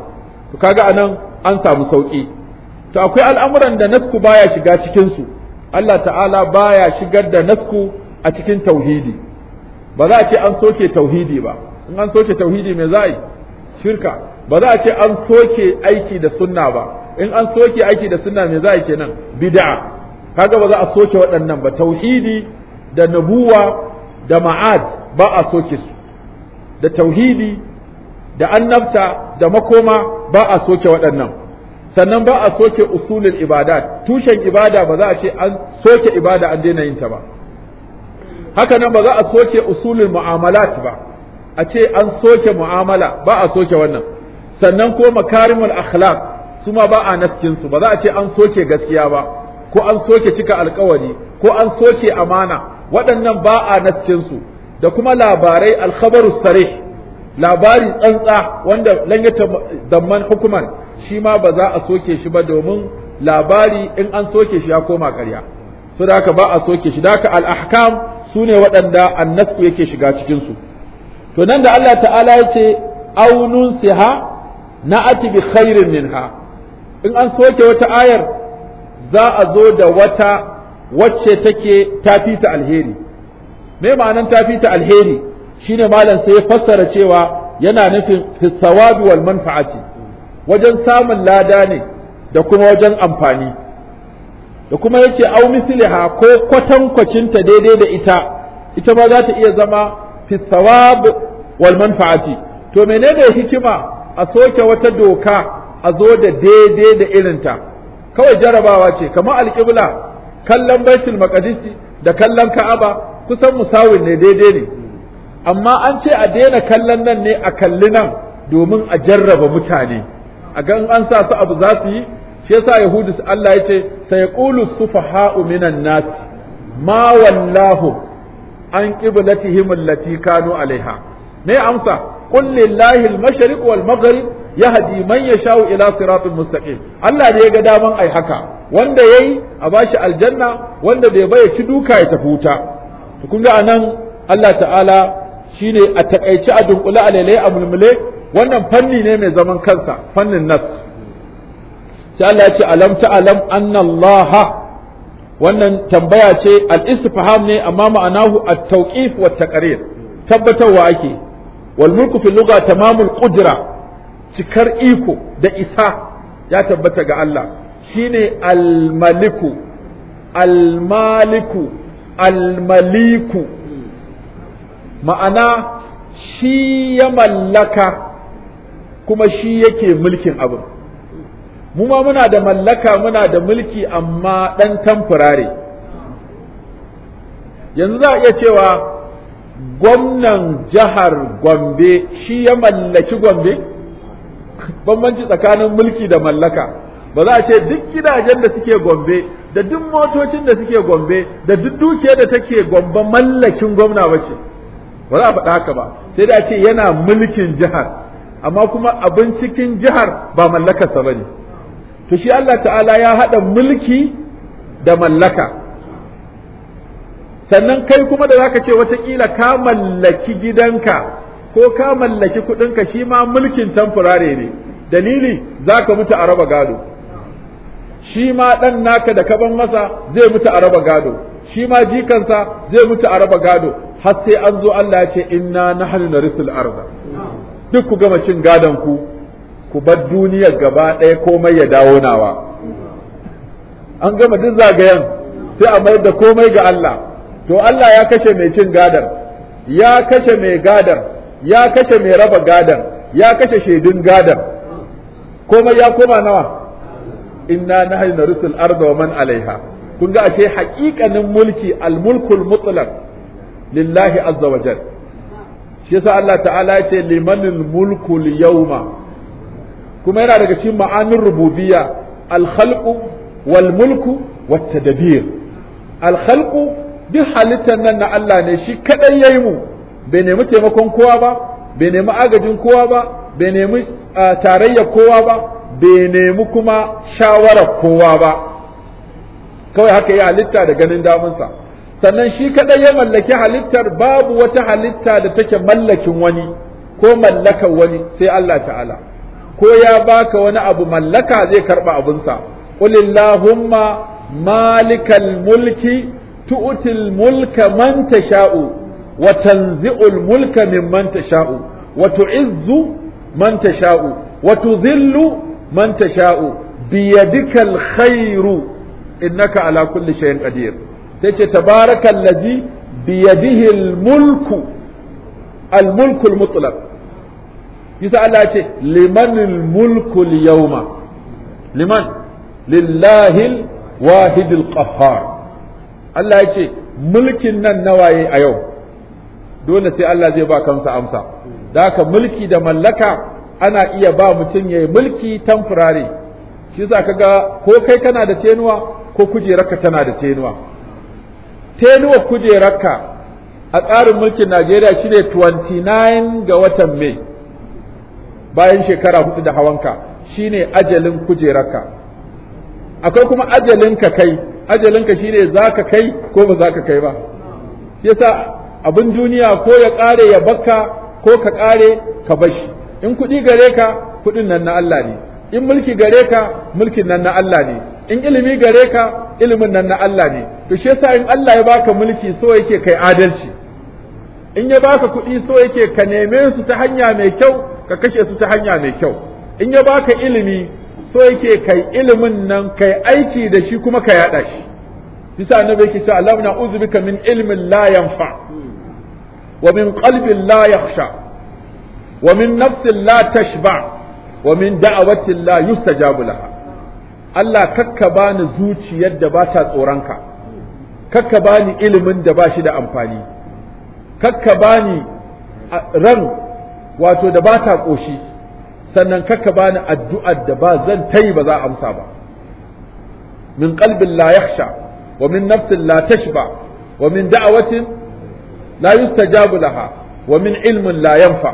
to kaga anan an samu sauki to akwai al'amuran da nasku baya shiga cikin su Allah ta'ala baya shigar da nasku a cikin tauhidi ba za a ce an soke tauhidi ba in an soke tauhidi me za a yi shirka ba za a ce an soke aiki da sunna ba in an soke aiki da sunna me za a kenan bid'a kaga ba za a soke waɗannan ba tauhidi da nubuwa da ma'ad ba a soke su da tauhidi da annabta da makoma ba a soke waɗannan sannan ba a soke usulul ibadat tushen ibada ba za a ce an soke ibada an daina yin ta ba haka nan ba za a soke usulul mu'amalat ba a ce an soke mu'amala ba a soke wannan sannan ko makarimul akhlaq su ma ba a naskin ba za a ce an soke gaskiya ba ko an soke cika alkawari ko an soke amana waɗannan ba a naskin da kuma labarai alkhabaru sare labari tsantsa wanda langata damman hukumar shi ma ba za a soke shi ba domin labari in an soke shi ya koma ƙarya su da ba a soke shi da haka al-ahkam sune waɗanda annasu yake shiga cikinsu. to nan da Allah ta'ala ya ce aunun siha na'ati bi khairin minha in an soke wata ayar za a zo da wata wacce take tafita alheri me ma'anan tafita alheri shine malam sai ya fassara cewa yana nufin fi sawabi wal manfa'ati wajen samun lada ne da kuma wajen amfani da kuma yace au misliha ko kwatankwacinta daidai da ita ita ba za ta iya zama fi thawab wal manfa'ati to menene hikima a soke wata doka a zo da daidai da irin ta? kawai jarabawa ce kamar alƙibla kallon baitul maqdisi da kallon ka'aba kusan musawin ne daidai ne amma an ce a daina kallon nan ne a kalli nan domin a jarraba mutane a gan an sa su abu za su yi shi yasa yahudu Allah ya ce sayaqulu sufaha'u minan nas ma wallahu an qiblatihim allati kanu alaiha ne amsa qul lillahi al-mashriq wal maghrib yahdi man yashau ila siratin mustaqim Allah da ya ga daman ai haka wanda yayi a bashi aljanna wanda bai bai ci duka ya tafi wuta to kun ga anan Allah ta'ala shine a takaici a dunkule a a mulmule wannan fanni ne mai zaman kansa fannin nas sai Allah ya ce alam ta'lam anna Allah wannan tambaya ce al-istifham ne amma ma'anahu at-tawqif wa taqrir tabbatarwa ake wal mulku fil lugha tamamul qudra cikar iko da isa ya tabbata ga Allah shine al-maliku al-maliku al-maliku ma'ana shi ya mallaka kuma shi yake mulkin abin mu ma muna da mallaka muna da mulki amma ɗan tamfurare yanzu za a iya cewa gwamnan jihar gombe shi ya mallaki gombe bambanci tsakanin mulki da mallaka ba za a ce duk gidajen da suke gombe da duk motocin da suke gombe da duk dukiyar da take gombe mallakin gwamna ba ce ba za a faɗa haka ba sai da a ce yana mulkin jihar amma kuma abin cikin jihar ba mallakarsa ba ne to shi Allah ta'ala ya haɗa mulki da mallaka sannan kai kuma da zaka ce watakila ka mallaki gidanka ko ka mallaki kudinka shi ma mulkin tamfurare ne dalili zaka mutu a raba gado shi ma ɗan naka da kaban masa zai mutu a raba gado shi ma jikansa zai mutu a raba gado har sai an zo Allah ya ce inna nahnu narisul arda duk ku gama cin gadon ku ku bar duniyar gaba ɗaya komai ya dawo nawa an gama duk zagayen sai a mayar da komai ga Allah to Allah ya kashe mai cin gadar ya kashe mai gadar ya kashe mai raba gadar ya kashe shaidun gadar komai ya koma nawa inna nahnu rusul, arda wa man alaiha kun ga ashe haƙiƙanin mulki almulkul mutlaq lillahi azza wajal shi yasa Allah ta'ala ya ce limanil mulkul yawma kuma yana daga cikin ma'anin rububiya alkhalqu walmulku mulku wat tadbir duk halittar nan na Allah ne shi kaɗai yayi mu bai nemi taimakon kowa ba bai nemi agajin kowa ba bai nemi tarayya kowa ba bai nemi kuma shawarar kowa ba kawai haka ya halitta da ganin damunsa sannan shi kaɗai ya mallaki halittar babu wata halitta da take mallakin wani ko mallakar wani sai Allah ta'ala ko ya baka wani abu mallaka zai karɓa abunsa qulillahumma malikal mulki tu'til mulka man tasha'u wa tanzi'ul mulka mimman tasha'u wa tu'izzu man tasha'u wa tudhillu man tasha'u biyadikal khairu innaka ala kulli shay'in qadir sai ce tabarakallazi biyadihi mulku al mulku al mutlaq yasa Allah ya ce limanil mulku yawma liman lillahi wahidil qahhar Allah ya ce mulkin nan nawaye a yau dole sai Allah zai ba kansa amsa da haka mulki da mallaka ana iya ba mutum yayi mulki tamfurare shi yasa ka ga ko kai kana da tenuwa ko kujerarka tana da tenuwa tenuwa kujerarka a tsarin mulkin najeriya shine 29 ga watan mai bayan shekara hudu da hawanka shine ajalin kujerarka akwai kuma ajalin ka kai ajalin ka shine zaka kai ko ba zaka kai ba shi yasa abin duniya ko ya kare ya bakka ko ka kare ka bashi in kuɗi gare ka kuɗin nan na Allah ne in mulki gare ka mulkin nan na Allah ne in ilimi gare ka ilimin nan na Allah ne to shi yasa in Allah ya baka mulki so yake kai adalci in ya baka kuɗi so yake ka neme su ta hanya mai kyau ka kashe su ta hanya mai kyau in ya baka ilimi so yake kai ilimin nan kai aiki da shi kuma ka yada shi bisa annabi yake cewa Allahumma na'udhu bika min ilmin la yanfa wa min qalbin la yakhsha wa min nafsin la tashba wa min da'awatin la yustajabu laha Allah kakka bani zuciyar da ba ta tsoronka kakka bani ilimin da ba shi da amfani kakka bani ran wato da ba ta ƙoshi sannan kaka bani addu'ar da ba zan tayi ba za a amsa ba min qalbin la yakhsha wa min nafsin la tashba wa min da'awatin la yustajabu laha wa min ilmin la yanfa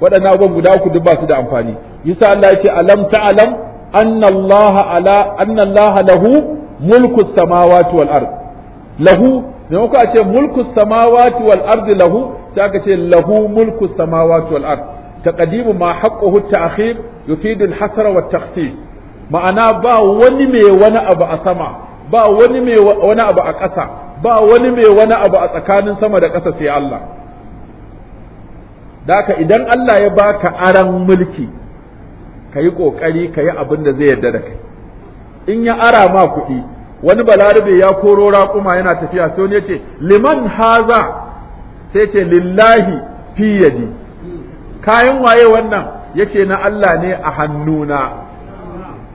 waɗannan abubuwan guda uku duk ba su da amfani Yusa Allah ya ce alam ta alam. Allah ala lahu mulku samawati wal ard lahu ne a ce mulku samawati wal ard lahu sai aka ce lahu mulku samawati wal ard taqdimu ma haqquhu ta'khir yufidu al hasra wa takhsis ma'ana ba wani mai wani abu a sama ba wani mai wani abu a ƙasa ba wani mai wani abu a tsakanin sama da ƙasa sai Allah daka idan Allah ya baka aran mulki ka yi ƙoƙari ka yi abin da zai yarda da kai in ya ara ma kuɗi wani balarabe ya koro raƙuma yana tafiya sai wani ya ce liman haza sai ce lillahi fi yadi kayan waye wannan yace na Allah ne a hannuna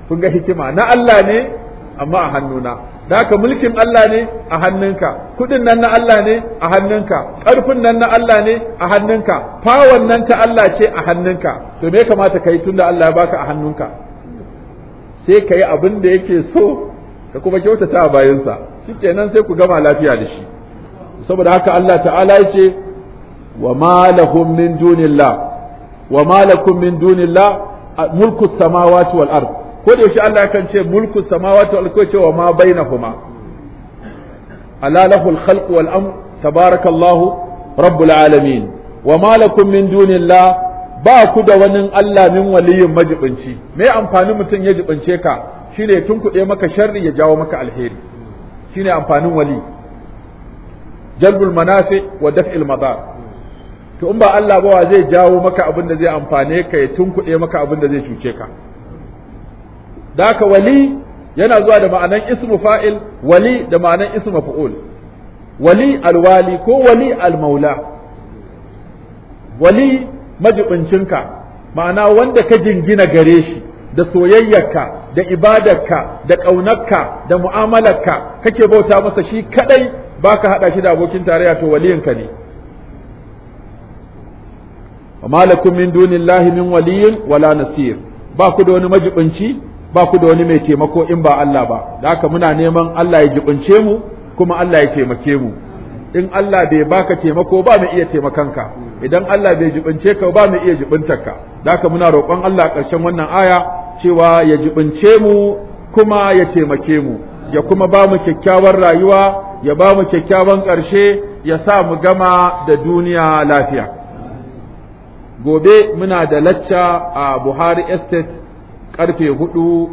kun ga hikima na Allah ne amma a hannuna da haka mulkin Allah ne a hannunka kudin nan na Allah ne a hannunka ƙarfin nan na Allah ne a hannunka fawon nan ta Allah ce a hannunka to me ya kamata kai tunda Allah ya baka a hannunka sai ka abin da yake so ka kuma kyautata a bayansa shikenan sai ku gama lafiya da shi saboda haka Allah ta'ala ya ce wa ma lahum min dunillah wa ma lakum min dunillah mulku samawati wal ard ko da yaushe Allah kan ce mulku samawati wal ard ce wa ma bainahuma ala lahul khalq wal amr tabarakallahu rabbul alamin wa ma lakum min dunillah ba ku da wani Allah min waliyin majibinci me amfanin mutum ya jibince ka shine tun kuɗe maka sharri ya jawo maka alheri shine amfanin wali jalbul manafi wa daf'il madar to in ba Allah ba wa zai jawo maka abin da zai amfane ka ya tunkuɗe maka abin da zai cuce ka daka wali yana zuwa da ma'anan ismu fa'il wali da ma'anan ismu fa'ul wali alwali ko wali almaula wali majibincinka ma'ana wanda ka jingina gare shi da soyayyarka da ibadarka da ƙaunarka da mu'amalarka kake bauta masa shi kadai ka hada shi da abokin tarayya to waliyinka ne amma lakum min dunillahi min waliyin wala nasir ba ku da wani majibinci ba ku da wani mai taimako in ba Allah ba da haka muna neman Allah ya jibince mu kuma Allah ya taimake mu in Allah bai baka taimako ba mai iya taimakanka idan Allah bai jibince ka ba mai iya jibintarka da haka muna roƙon Allah ƙarshen wannan aya cewa ya jibince mu kuma ya taimake mu ya kuma ba mu kyakkyawar rayuwa ya ba mu kyakkyawan ƙarshe ya sa mu gama da duniya lafiya gobe muna da lacca a buhari estate ƙarfe hudu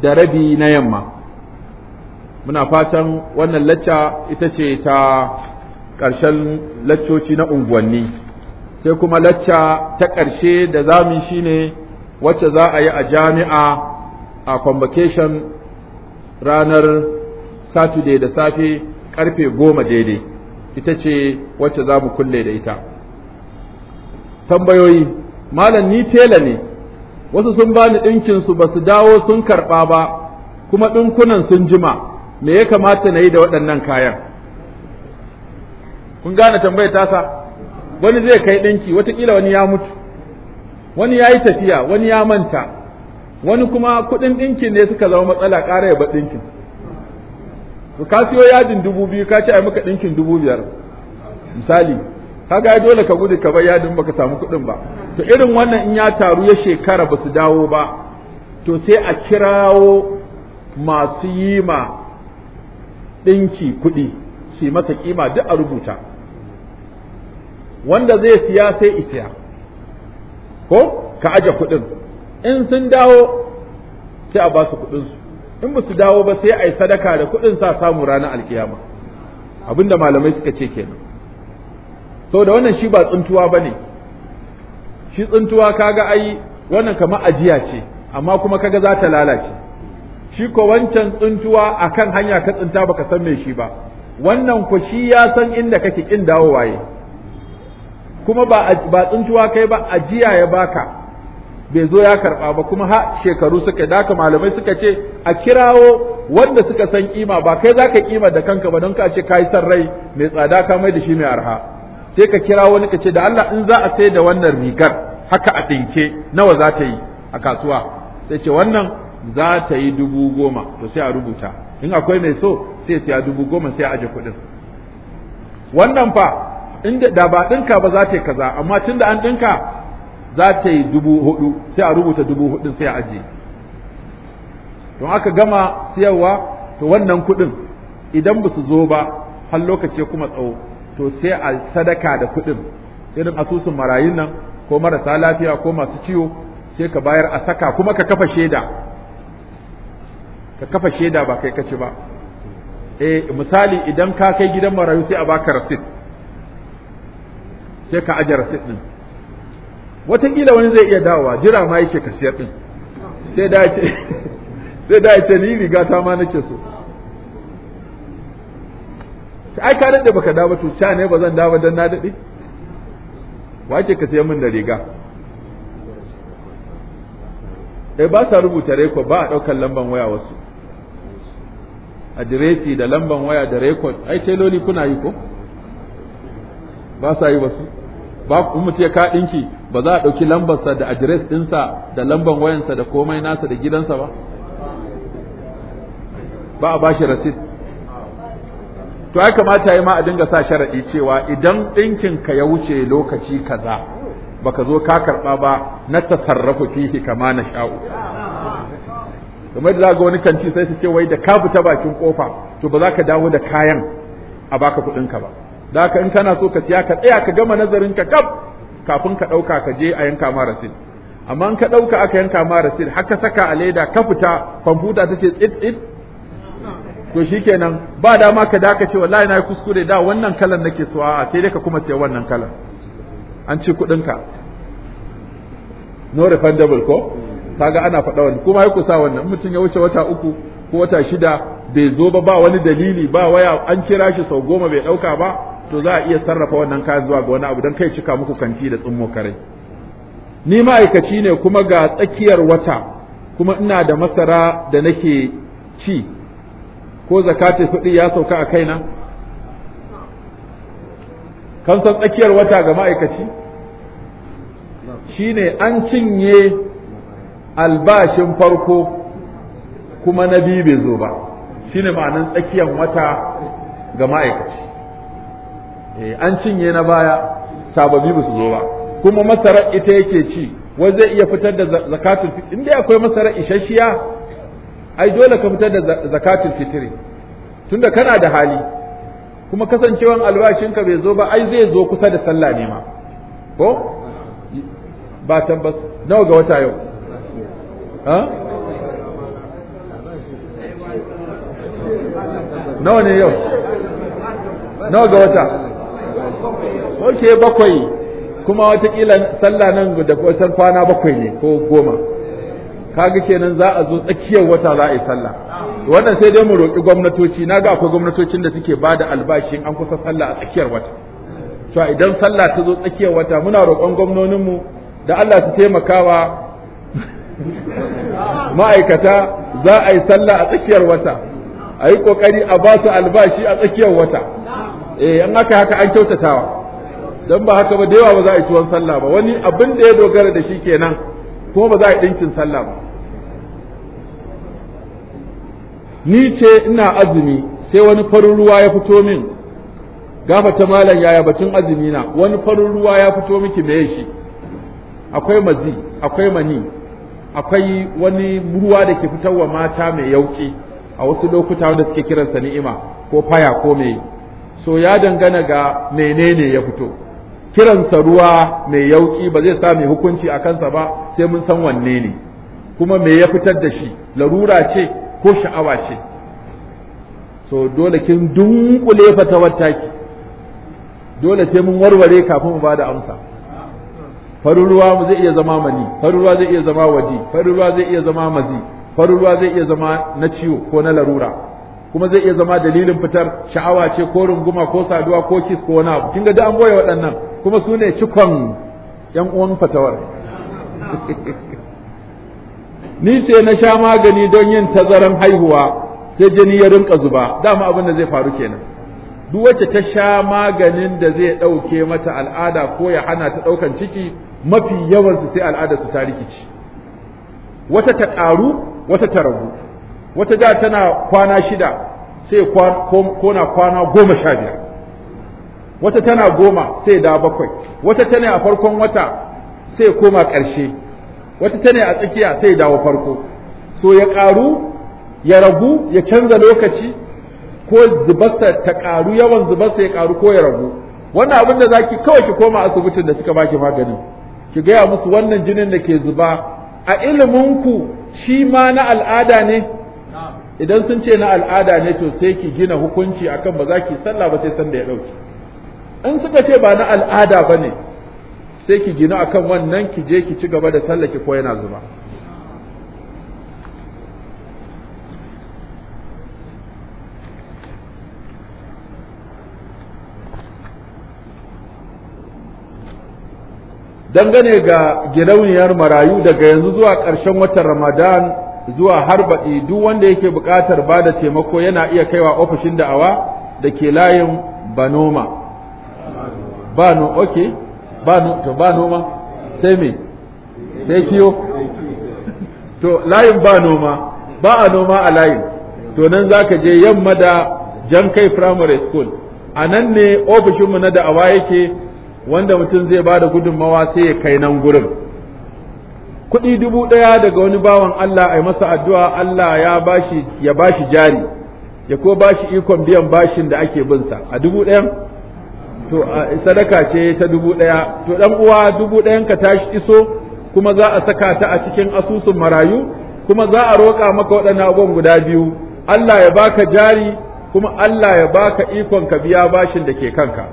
da rabi na yamma muna fatan wannan lacca ita ce ta ƙarshen laccoci na unguwanni sai kuma lacca ta ƙarshe da shi ne wacce za a yi a jami'a a convocation ranar saturday da safe karfe goma daidai ita ce wacce za mu kulle da ita tambayoyi malam ni tela ne wasu sun bani ɗinkinsu ba su dawo sun karɓa ba kuma ɗinkunan sun jima me ya kamata na yi da waɗannan kayan kun gane tambayar tasa wani zai kai ɗinki watakila wani ya mutu wani ya yi tafiya wani ya manta wani kuma kuɗin ɗinkin ne suka zama matsala ƙara ya ɗinkin to ka siyo yadin dubu biyu ka ce ai maka ɗinkin dubu biyar misali kaga ya dole ka gudu ka bar yadin baka samu kuɗin ba to irin wannan in ya taru ya shekara ba su dawo ba to sai a kirawo masu yi ma ɗinki kuɗi su masa kima duk a rubuta wanda zai siya sai isiya ko ka aje kuɗin in sun dawo sai a ba su kuɗinsu in ba su dawo ba sai a yi sadaka da kuɗin sa samu ranar alkiyama abinda malamai suka ce kenan sau da wannan shi ba tsuntuwa ba ne shi tsuntuwa kaga ai wannan kamar ajiya ce amma kuma kaga za ta lalace shi ko wancan tsuntuwa kan hanya ka tsinta baka san me shi ba wannan ku shi ya san inda kake kin dawo waye kuma ba ba tsuntuwa kai ba ajiya ya baka bai zo ya karɓa ba kuma ha shekaru suka da haka malamai suka ce a kirawo wanda suka san kima ba kai za ka kima da kanka ba don ka ce kayi san rai mai tsada ka mai da shi mai arha sai ka kira wani ka ce da Allah in za a sai da wannan rigar haka a ɗinke nawa za ta yi a kasuwa sai ce wannan za ta yi dubu goma to sai a rubuta in akwai mai so sai siya dubu goma sai a aje kuɗin wannan fa inda da ba ɗinka ba za ta yi kaza amma tun da an ɗinka za ta yi dubu hudu sai a rubuta dubu hudun sai a ajiye To aka gama siyarwa to wannan kudin idan ba su zo ba har lokaci kuma tsawo to sai a sadaka da kudin irin asusun marayun nan ko marasa lafiya ko masu ciwo sai ka bayar a saka kuma ka kafa shaida ka kafa shaida ba kai kaci ba eh misali idan ka kai gidan marayu sai a baka rasit sai ka aje rasit din watakila wani zai iya dawowa jira ma yake ka siyar din sai da ce sai da ce ni riga ta ma nake so ai ka dade baka dawo to cha ne bazan dawo dan na dade wace ka siya min da riga e ba sa rubuta rekod ba a daukan lamban waya wasu adiresi da lamban waya da rekod ai teloli kuna yi ko ba sa yi wasu ba kuma ce ka dinki ba za a ɗauki lambarsa da adres ɗinsa da lambar wayansa da komai nasa da gidansa ba ba a bashi rasid to ya kamata yi ma a dinga sa sharaɗi cewa idan ɗinkin ka ya wuce lokaci kaza baka zo ka karɓa ba na tasarrafu fihi kama na sha'u kamar da ga wani kanci sai su ce wai da ka fita bakin kofa to ba za ka dawo da kayan a baka kuɗinka ba da haka in kana so ka siya ka tsaya ka gama nazarin ka kaf kafin ka ɗauka ka je a yanka mara sin amma in ka ɗauka aka yanka ma sin haka saka a leda ka fita kwamfuta ta ce tsit tsit to kenan ba dama ka da ce wallahi na yi kuskure da wannan kalan nake so a'a sai dai ka kuma sai wannan kalan an ci kuɗin ka no refundable ko kaga ana faɗa wannan kuma ya kusa wannan mutum ya wuce wata uku ko wata shida bai zo ba ba wani dalili ba waya an kira shi sau goma bai ɗauka ba to za a iya sarrafa wannan kaya zuwa ga wani abu don kai cika muku kanti da tsummo kare ni ma'aikaci ne kuma ga tsakiyar wata kuma ina da masara da nake ci ko zakatul kuɗi ya sauka a kaina kan san tsakiyar wata ga ma'aikaci shine an cinye albashin farko kuma na biyu bai zo ba shine ma'anin tsakiyar wata ga ma'aikaci Eh, an cinye na baya sababi ba su zo ba kuma masarar ita yake ci wai zai iya fitar da zakatul fitri inda akwai masarar isasshiya ai dole ka fitar da zakatul fitri tunda kana da hali kuma kasancewan albashinka bai zo ba ai zai zo kusa da sallah ne ma ko ba tabbas nawa ga wata yau ha nawa ne yau nawa ga wata ok bakwai kuma watakila sallah nan da kusan kwana bakwai ne ko goma kaga kenan za a zo tsakiyar wata za a yi sallah wannan sai dai mu roƙi gwamnatoci na ga akwai gwamnatocin da suke ba da albashin an kusa sallah a tsakiyar wata to idan sallah ta zo tsakiyar wata muna roƙon gwamnoninmu da Allah su taimakawa ma'aikata za a yi sallah a tsakiyar wata a yi ƙoƙari a ba su albashi a tsakiyar wata eh an aka haka an kyautatawa dan ba haka ba da yawa ba za a yi tuwon sallah ba wani abin da ya dogara da shi kenan ko ba za a yi dinkin sallah ba ni ce ina azumi sai wani farin ruwa ya fito min ta malam yaya batun azumi na wani farin ruwa ya fito miki me shi akwai mazi akwai mani akwai wani ruwa da ke fitarwa mata mai yauki a wasu lokuta wanda suke kiransa ni'ima ko faya ko mai to ya dangana ga menene ya fito kiransa ruwa mai yauki ba zai sa mai hukunci a kansa ba sai mun san wanne ne kuma me ya fitar da shi larura ce ko sha'awa ce so dole kin dunkule fatawar taki dole sai mun warware kafin mu bada amsa farin ruwa zai iya zama mani farin ruwa zai iya zama waji farin ruwa zai iya zama mazi farin ruwa zai iya zama na ciwo ko na larura kuma zai iya zama dalilin fitar sha'awa ce ko runguma ko saduwa ko kis ko wani abu kin ga an boye waɗannan kuma su ne cikon yan uwan fatawar ni ce na sha magani don yin tazaran haihuwa sai jini ya rinka zuba dama abin da zai faru kenan duk wacce ta sha maganin da zai ɗauke mata al'ada ko ya hana ta ɗaukan ciki mafi yawansu sai al'adarsu ta rikici wata ta ƙaru wata ta ragu wata da tana kwana shida sai kona kwana goma sha biyar wata tana goma sai da bakwai wata tana a farkon wata sai koma ƙarshe wata tana a tsakiya sai dawo farko so ya ƙaru ya ragu ya canza lokaci ko zubarsa ta ƙaru yawan zubarsa ya ƙaru ko ya ragu wannan abin da zaki kawai ki koma asibitin da suka baki maganin ki gaya musu wannan jinin da ke zuba a iliminku shi ma na al'ada ne idan sun ce na al'ada ne to sai ki gina hukunci akan ba za ki sallah ba sai san da ya dauke in suka ce ba na al'ada ba ne sai ki gina akan wannan ki je ki ci gaba da sallah ki ko yana zuba dangane ga gidauniyar marayu daga yanzu zuwa ƙarshen watan ramadan zuwa har baɗi duk wanda yake buƙatar ba da taimako yana iya kaiwa ofishin da'awa da ke layin banoma bano ok bano to banoma sai me sai kiyo to layin ba noma ba a noma a layin to nan za ka je yamma da jan kai primary school a nan ne ofishinmu na da'awa yake wanda mutum zai ba da gudunmawa sai ya kai nan gurin kuɗi dubu ɗaya daga wani bawan Allah yi masa addu'a Allah ya bashi ya bashi jari ya ko bashi ikon biyan bashin da ake binsa a dubu ɗayan to sadaka ce ta dubu ɗaya to dan uwa dubu ɗayan ka tashi iso kuma za a saka ta a cikin asusun marayu kuma za a roƙa maka waɗannan abubuwan guda biyu Allah ya baka jari kuma Allah ya baka ikon ka biya bashin da ke kanka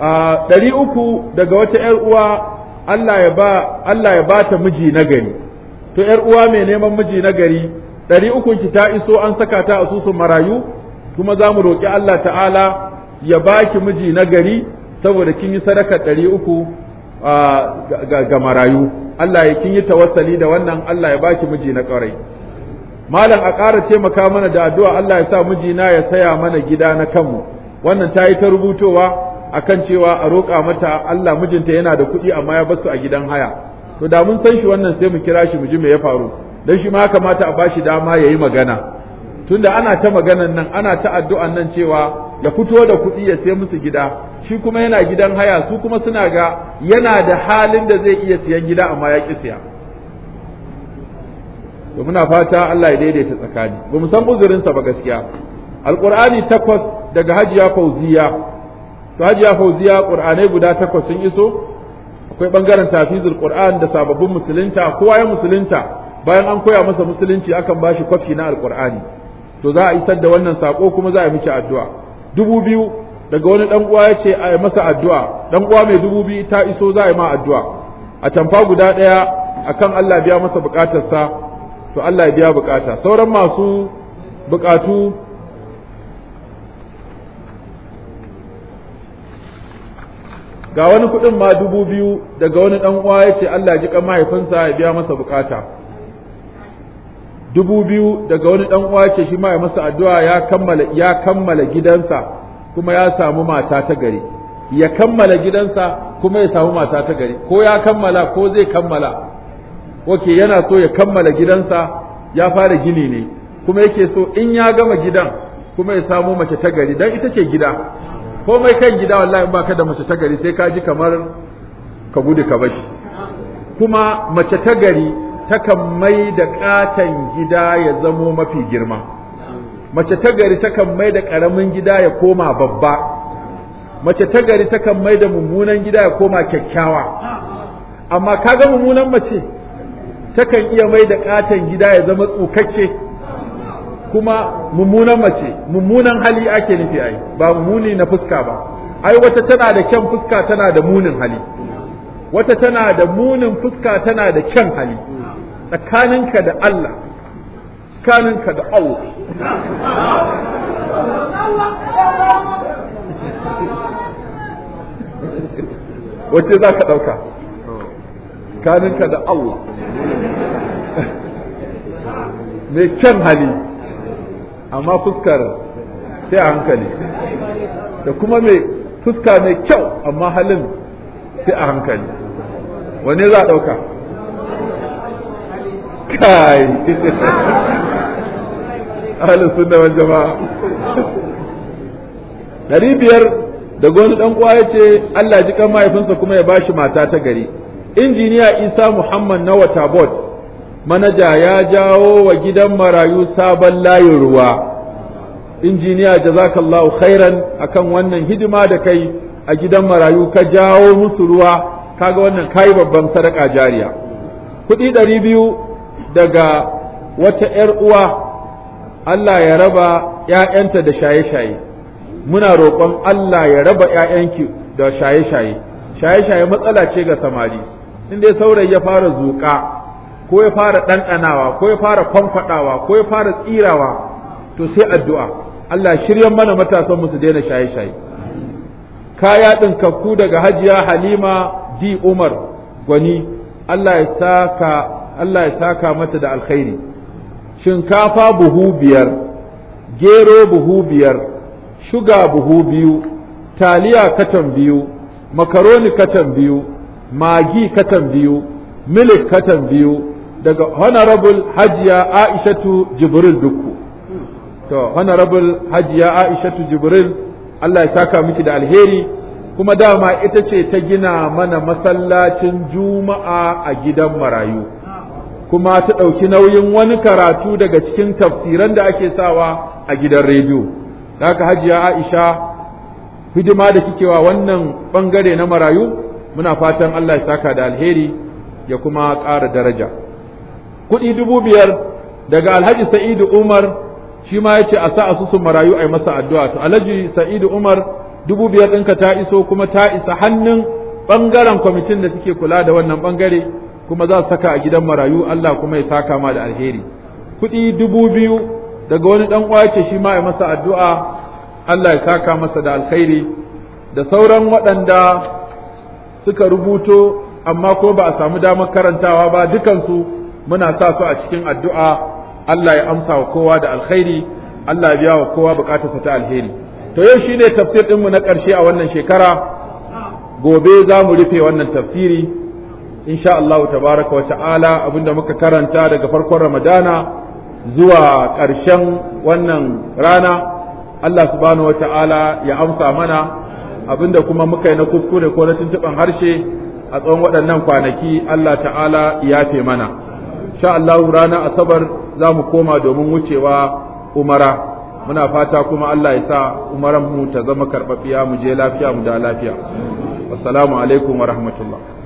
a ɗari uku daga wata 'yar uwa Allah ya ba ta miji na gari. to yar uwa mai neman miji na gari, ɗari ukun ki ta iso an saka ta asusun marayu kuma za mu roƙi Allah ta'ala ya baki miji na gari saboda kin yi sadaka ɗari uku ga marayu Allah ya kin yi tawassali da wannan Allah ya baki miji na ƙwarai malam a ƙara taimaka mana da addu'a Allah ya sa mijina ya saya mana gida na kanmu wannan ta yi ta rubutowa akan cewa a roƙa mata Allah mijinta yana da kuɗi amma ya basu a gidan haya to da mun san shi wannan sai mu kira shi mu ji me ya faru dan shi ma ya kamata a bashi dama ya yi magana tunda ana ta maganan nan ana ta addu'an nan cewa ya fito da kuɗi ya sai musu gida shi kuma yana gidan haya su kuma suna ga yana da halin da zai iya siyan gida amma ya ƙi siya to muna fata Allah ya daidaita tsakani ba mu san uzurinsa ba gaskiya alqur'ani takwas daga hajiya fauziya to hajiya fauziya qur'anai guda takwas sun iso akwai bangaren tafizul qur'an da sababbin musulunta kowa ya musulunta bayan an koya masa musulunci akan bashi kwafi na alqur'ani to za a isar da wannan sako kuma za a miki addu'a dubu biyu daga wani dan uwa yace a yi masa addu'a dan uwa mai dubu biyu ta iso za a yi ma addu'a a tamfa guda daya akan Allah biya masa bukatarsa to Allah ya biya bukata sauran masu bukatu ga wani kuɗin ma dubu biyu daga wani ɗan uwa ya ce Allah ji kan mahaifinsa ya biya masa bukata dubu biyu daga wani ɗan uwa ce shi ma ya masa addu'a ya kammala ya kammala gidansa kuma ya samu mata ta gari ya kammala gidansa kuma ya samu mata ta gari ko ya kammala ko zai kammala wake yana so ya kammala gidansa ya fara gini ne kuma yake so in ya gama gidan kuma ya samu mace ta gari dan ita ce gida komai kan gida wallahi baka da mace ta gari sai ka ji kamar ka gudu ka bashi kuma mace ta gari takan mai da katan gida ya zamo mafi girma mace ta gari takan mai da karamin gida ya koma babba mace ta gari takan mai da mummunan gida ya koma kyakkyawa amma kaga mummunan mace takan iya mai da katan gida ya zama tsukakke kuma mummunan mace mummunan hali ake nufi ai ba muni na fuska ba ai wata tana da kyan fuska tana da munin hali wata tana da munin fuska tana da kyan hali tsakaninka da Allah tsakaninka da Allah wace za ka ɗauka tsakaninka da Allah mai kyan hali amma fuskar sai a hankali da kuma mai fuska mai kyau amma halin sai a hankali wane za a ɗauka kai ahalin sunna wajen jama'a dari biyar da wani dan ya ce Allah ji kan mahaifinsa kuma ya bashi mata ta gari injiniya Isa Muhammad na Waterboard manaja ya jawo wa gidan marayu sabon layin ruwa injiniya jazakallahu khairan akan wannan hidima da kai a gidan marayu ka jawo musu ruwa kaga wannan kai babban sadaka jariya kuɗi ɗari biyu daga wata ‘yar uwa Allah ya raba ‘ya'yanta da shaye-shaye muna roƙon Allah ya raba ‘ya'yanki da shaye-shaye shaye-shaye matsala ce ga samari in saurayi ya fara zuƙa ko ya fara ɗanɗanawa ko ya fara kwamfaɗawa, ko ya fara tsirawa to sai addu'a Allah shiryan mana matasan mu su daina shaye-shaye kaya ɗin kakku daga hajiya halima di umar gwani Allah ya saka Allah ya saka mata da alkhairi shinkafa buhu biyar gero buhu biyar shuga buhu biyu taliya katan biyu makaroni katan biyu magi katan biyu milik katan biyu daga honorable hajiya aishatu jibril dukku to honorable hajiya aishatu jibril Allah ya saka miki da alheri kuma dama ita ce ta gina mana masallacin juma'a a gidan marayu kuma ta ɗauki nauyin wani karatu daga cikin tafsiran da ake sawa a gidan rediyo haka hajiya aisha hidima da kike wa wannan bangare na marayu muna fatan Allah ya saka da alheri ya kuma ƙara daraja. kuɗi dubu biyar daga alhaji sa'idu umar shi ma ya ce a sa asusun marayu a yi masa addu'a to alhaji sa'idu umar dubu biyar ɗinka ta iso kuma ta isa hannun ɓangaren kwamitin da suke kula da wannan ɓangare kuma za su saka a gidan marayu Allah kuma ya saka ma da alheri kuɗi dubu biyu daga wani ɗan wace shi ma ya masa addu'a Allah ya saka masa da alkhairi da sauran waɗanda suka rubuto amma kuma ba a samu damar karantawa ba dukansu muna sa su a cikin addu'a Allah ya amsa wa kowa da alkhairi Allah ya biya wa kowa bukatarsa ta alheri to yau shine tafsir ɗinmu na ƙarshe a wannan shekara gobe za mu rufe wannan tafsiri insha Allah tabaraka wa ta'ala abinda muka karanta daga farkon Ramadana zuwa karshen wannan rana Allah subhanahu wa ta'ala ya amsa mana abinda kuma muka yi na kuskure ko na tuntuɓin harshe a tsawon waɗannan kwanaki Allah ta'ala ya mana sha Allah ranar asabar za mu koma domin wucewa umara muna fata kuma Allah ya sa umaran mu ta zama karɓaɓɓiya mu je lafiya mu da lafiya assalamu alaikum wa rahmatullah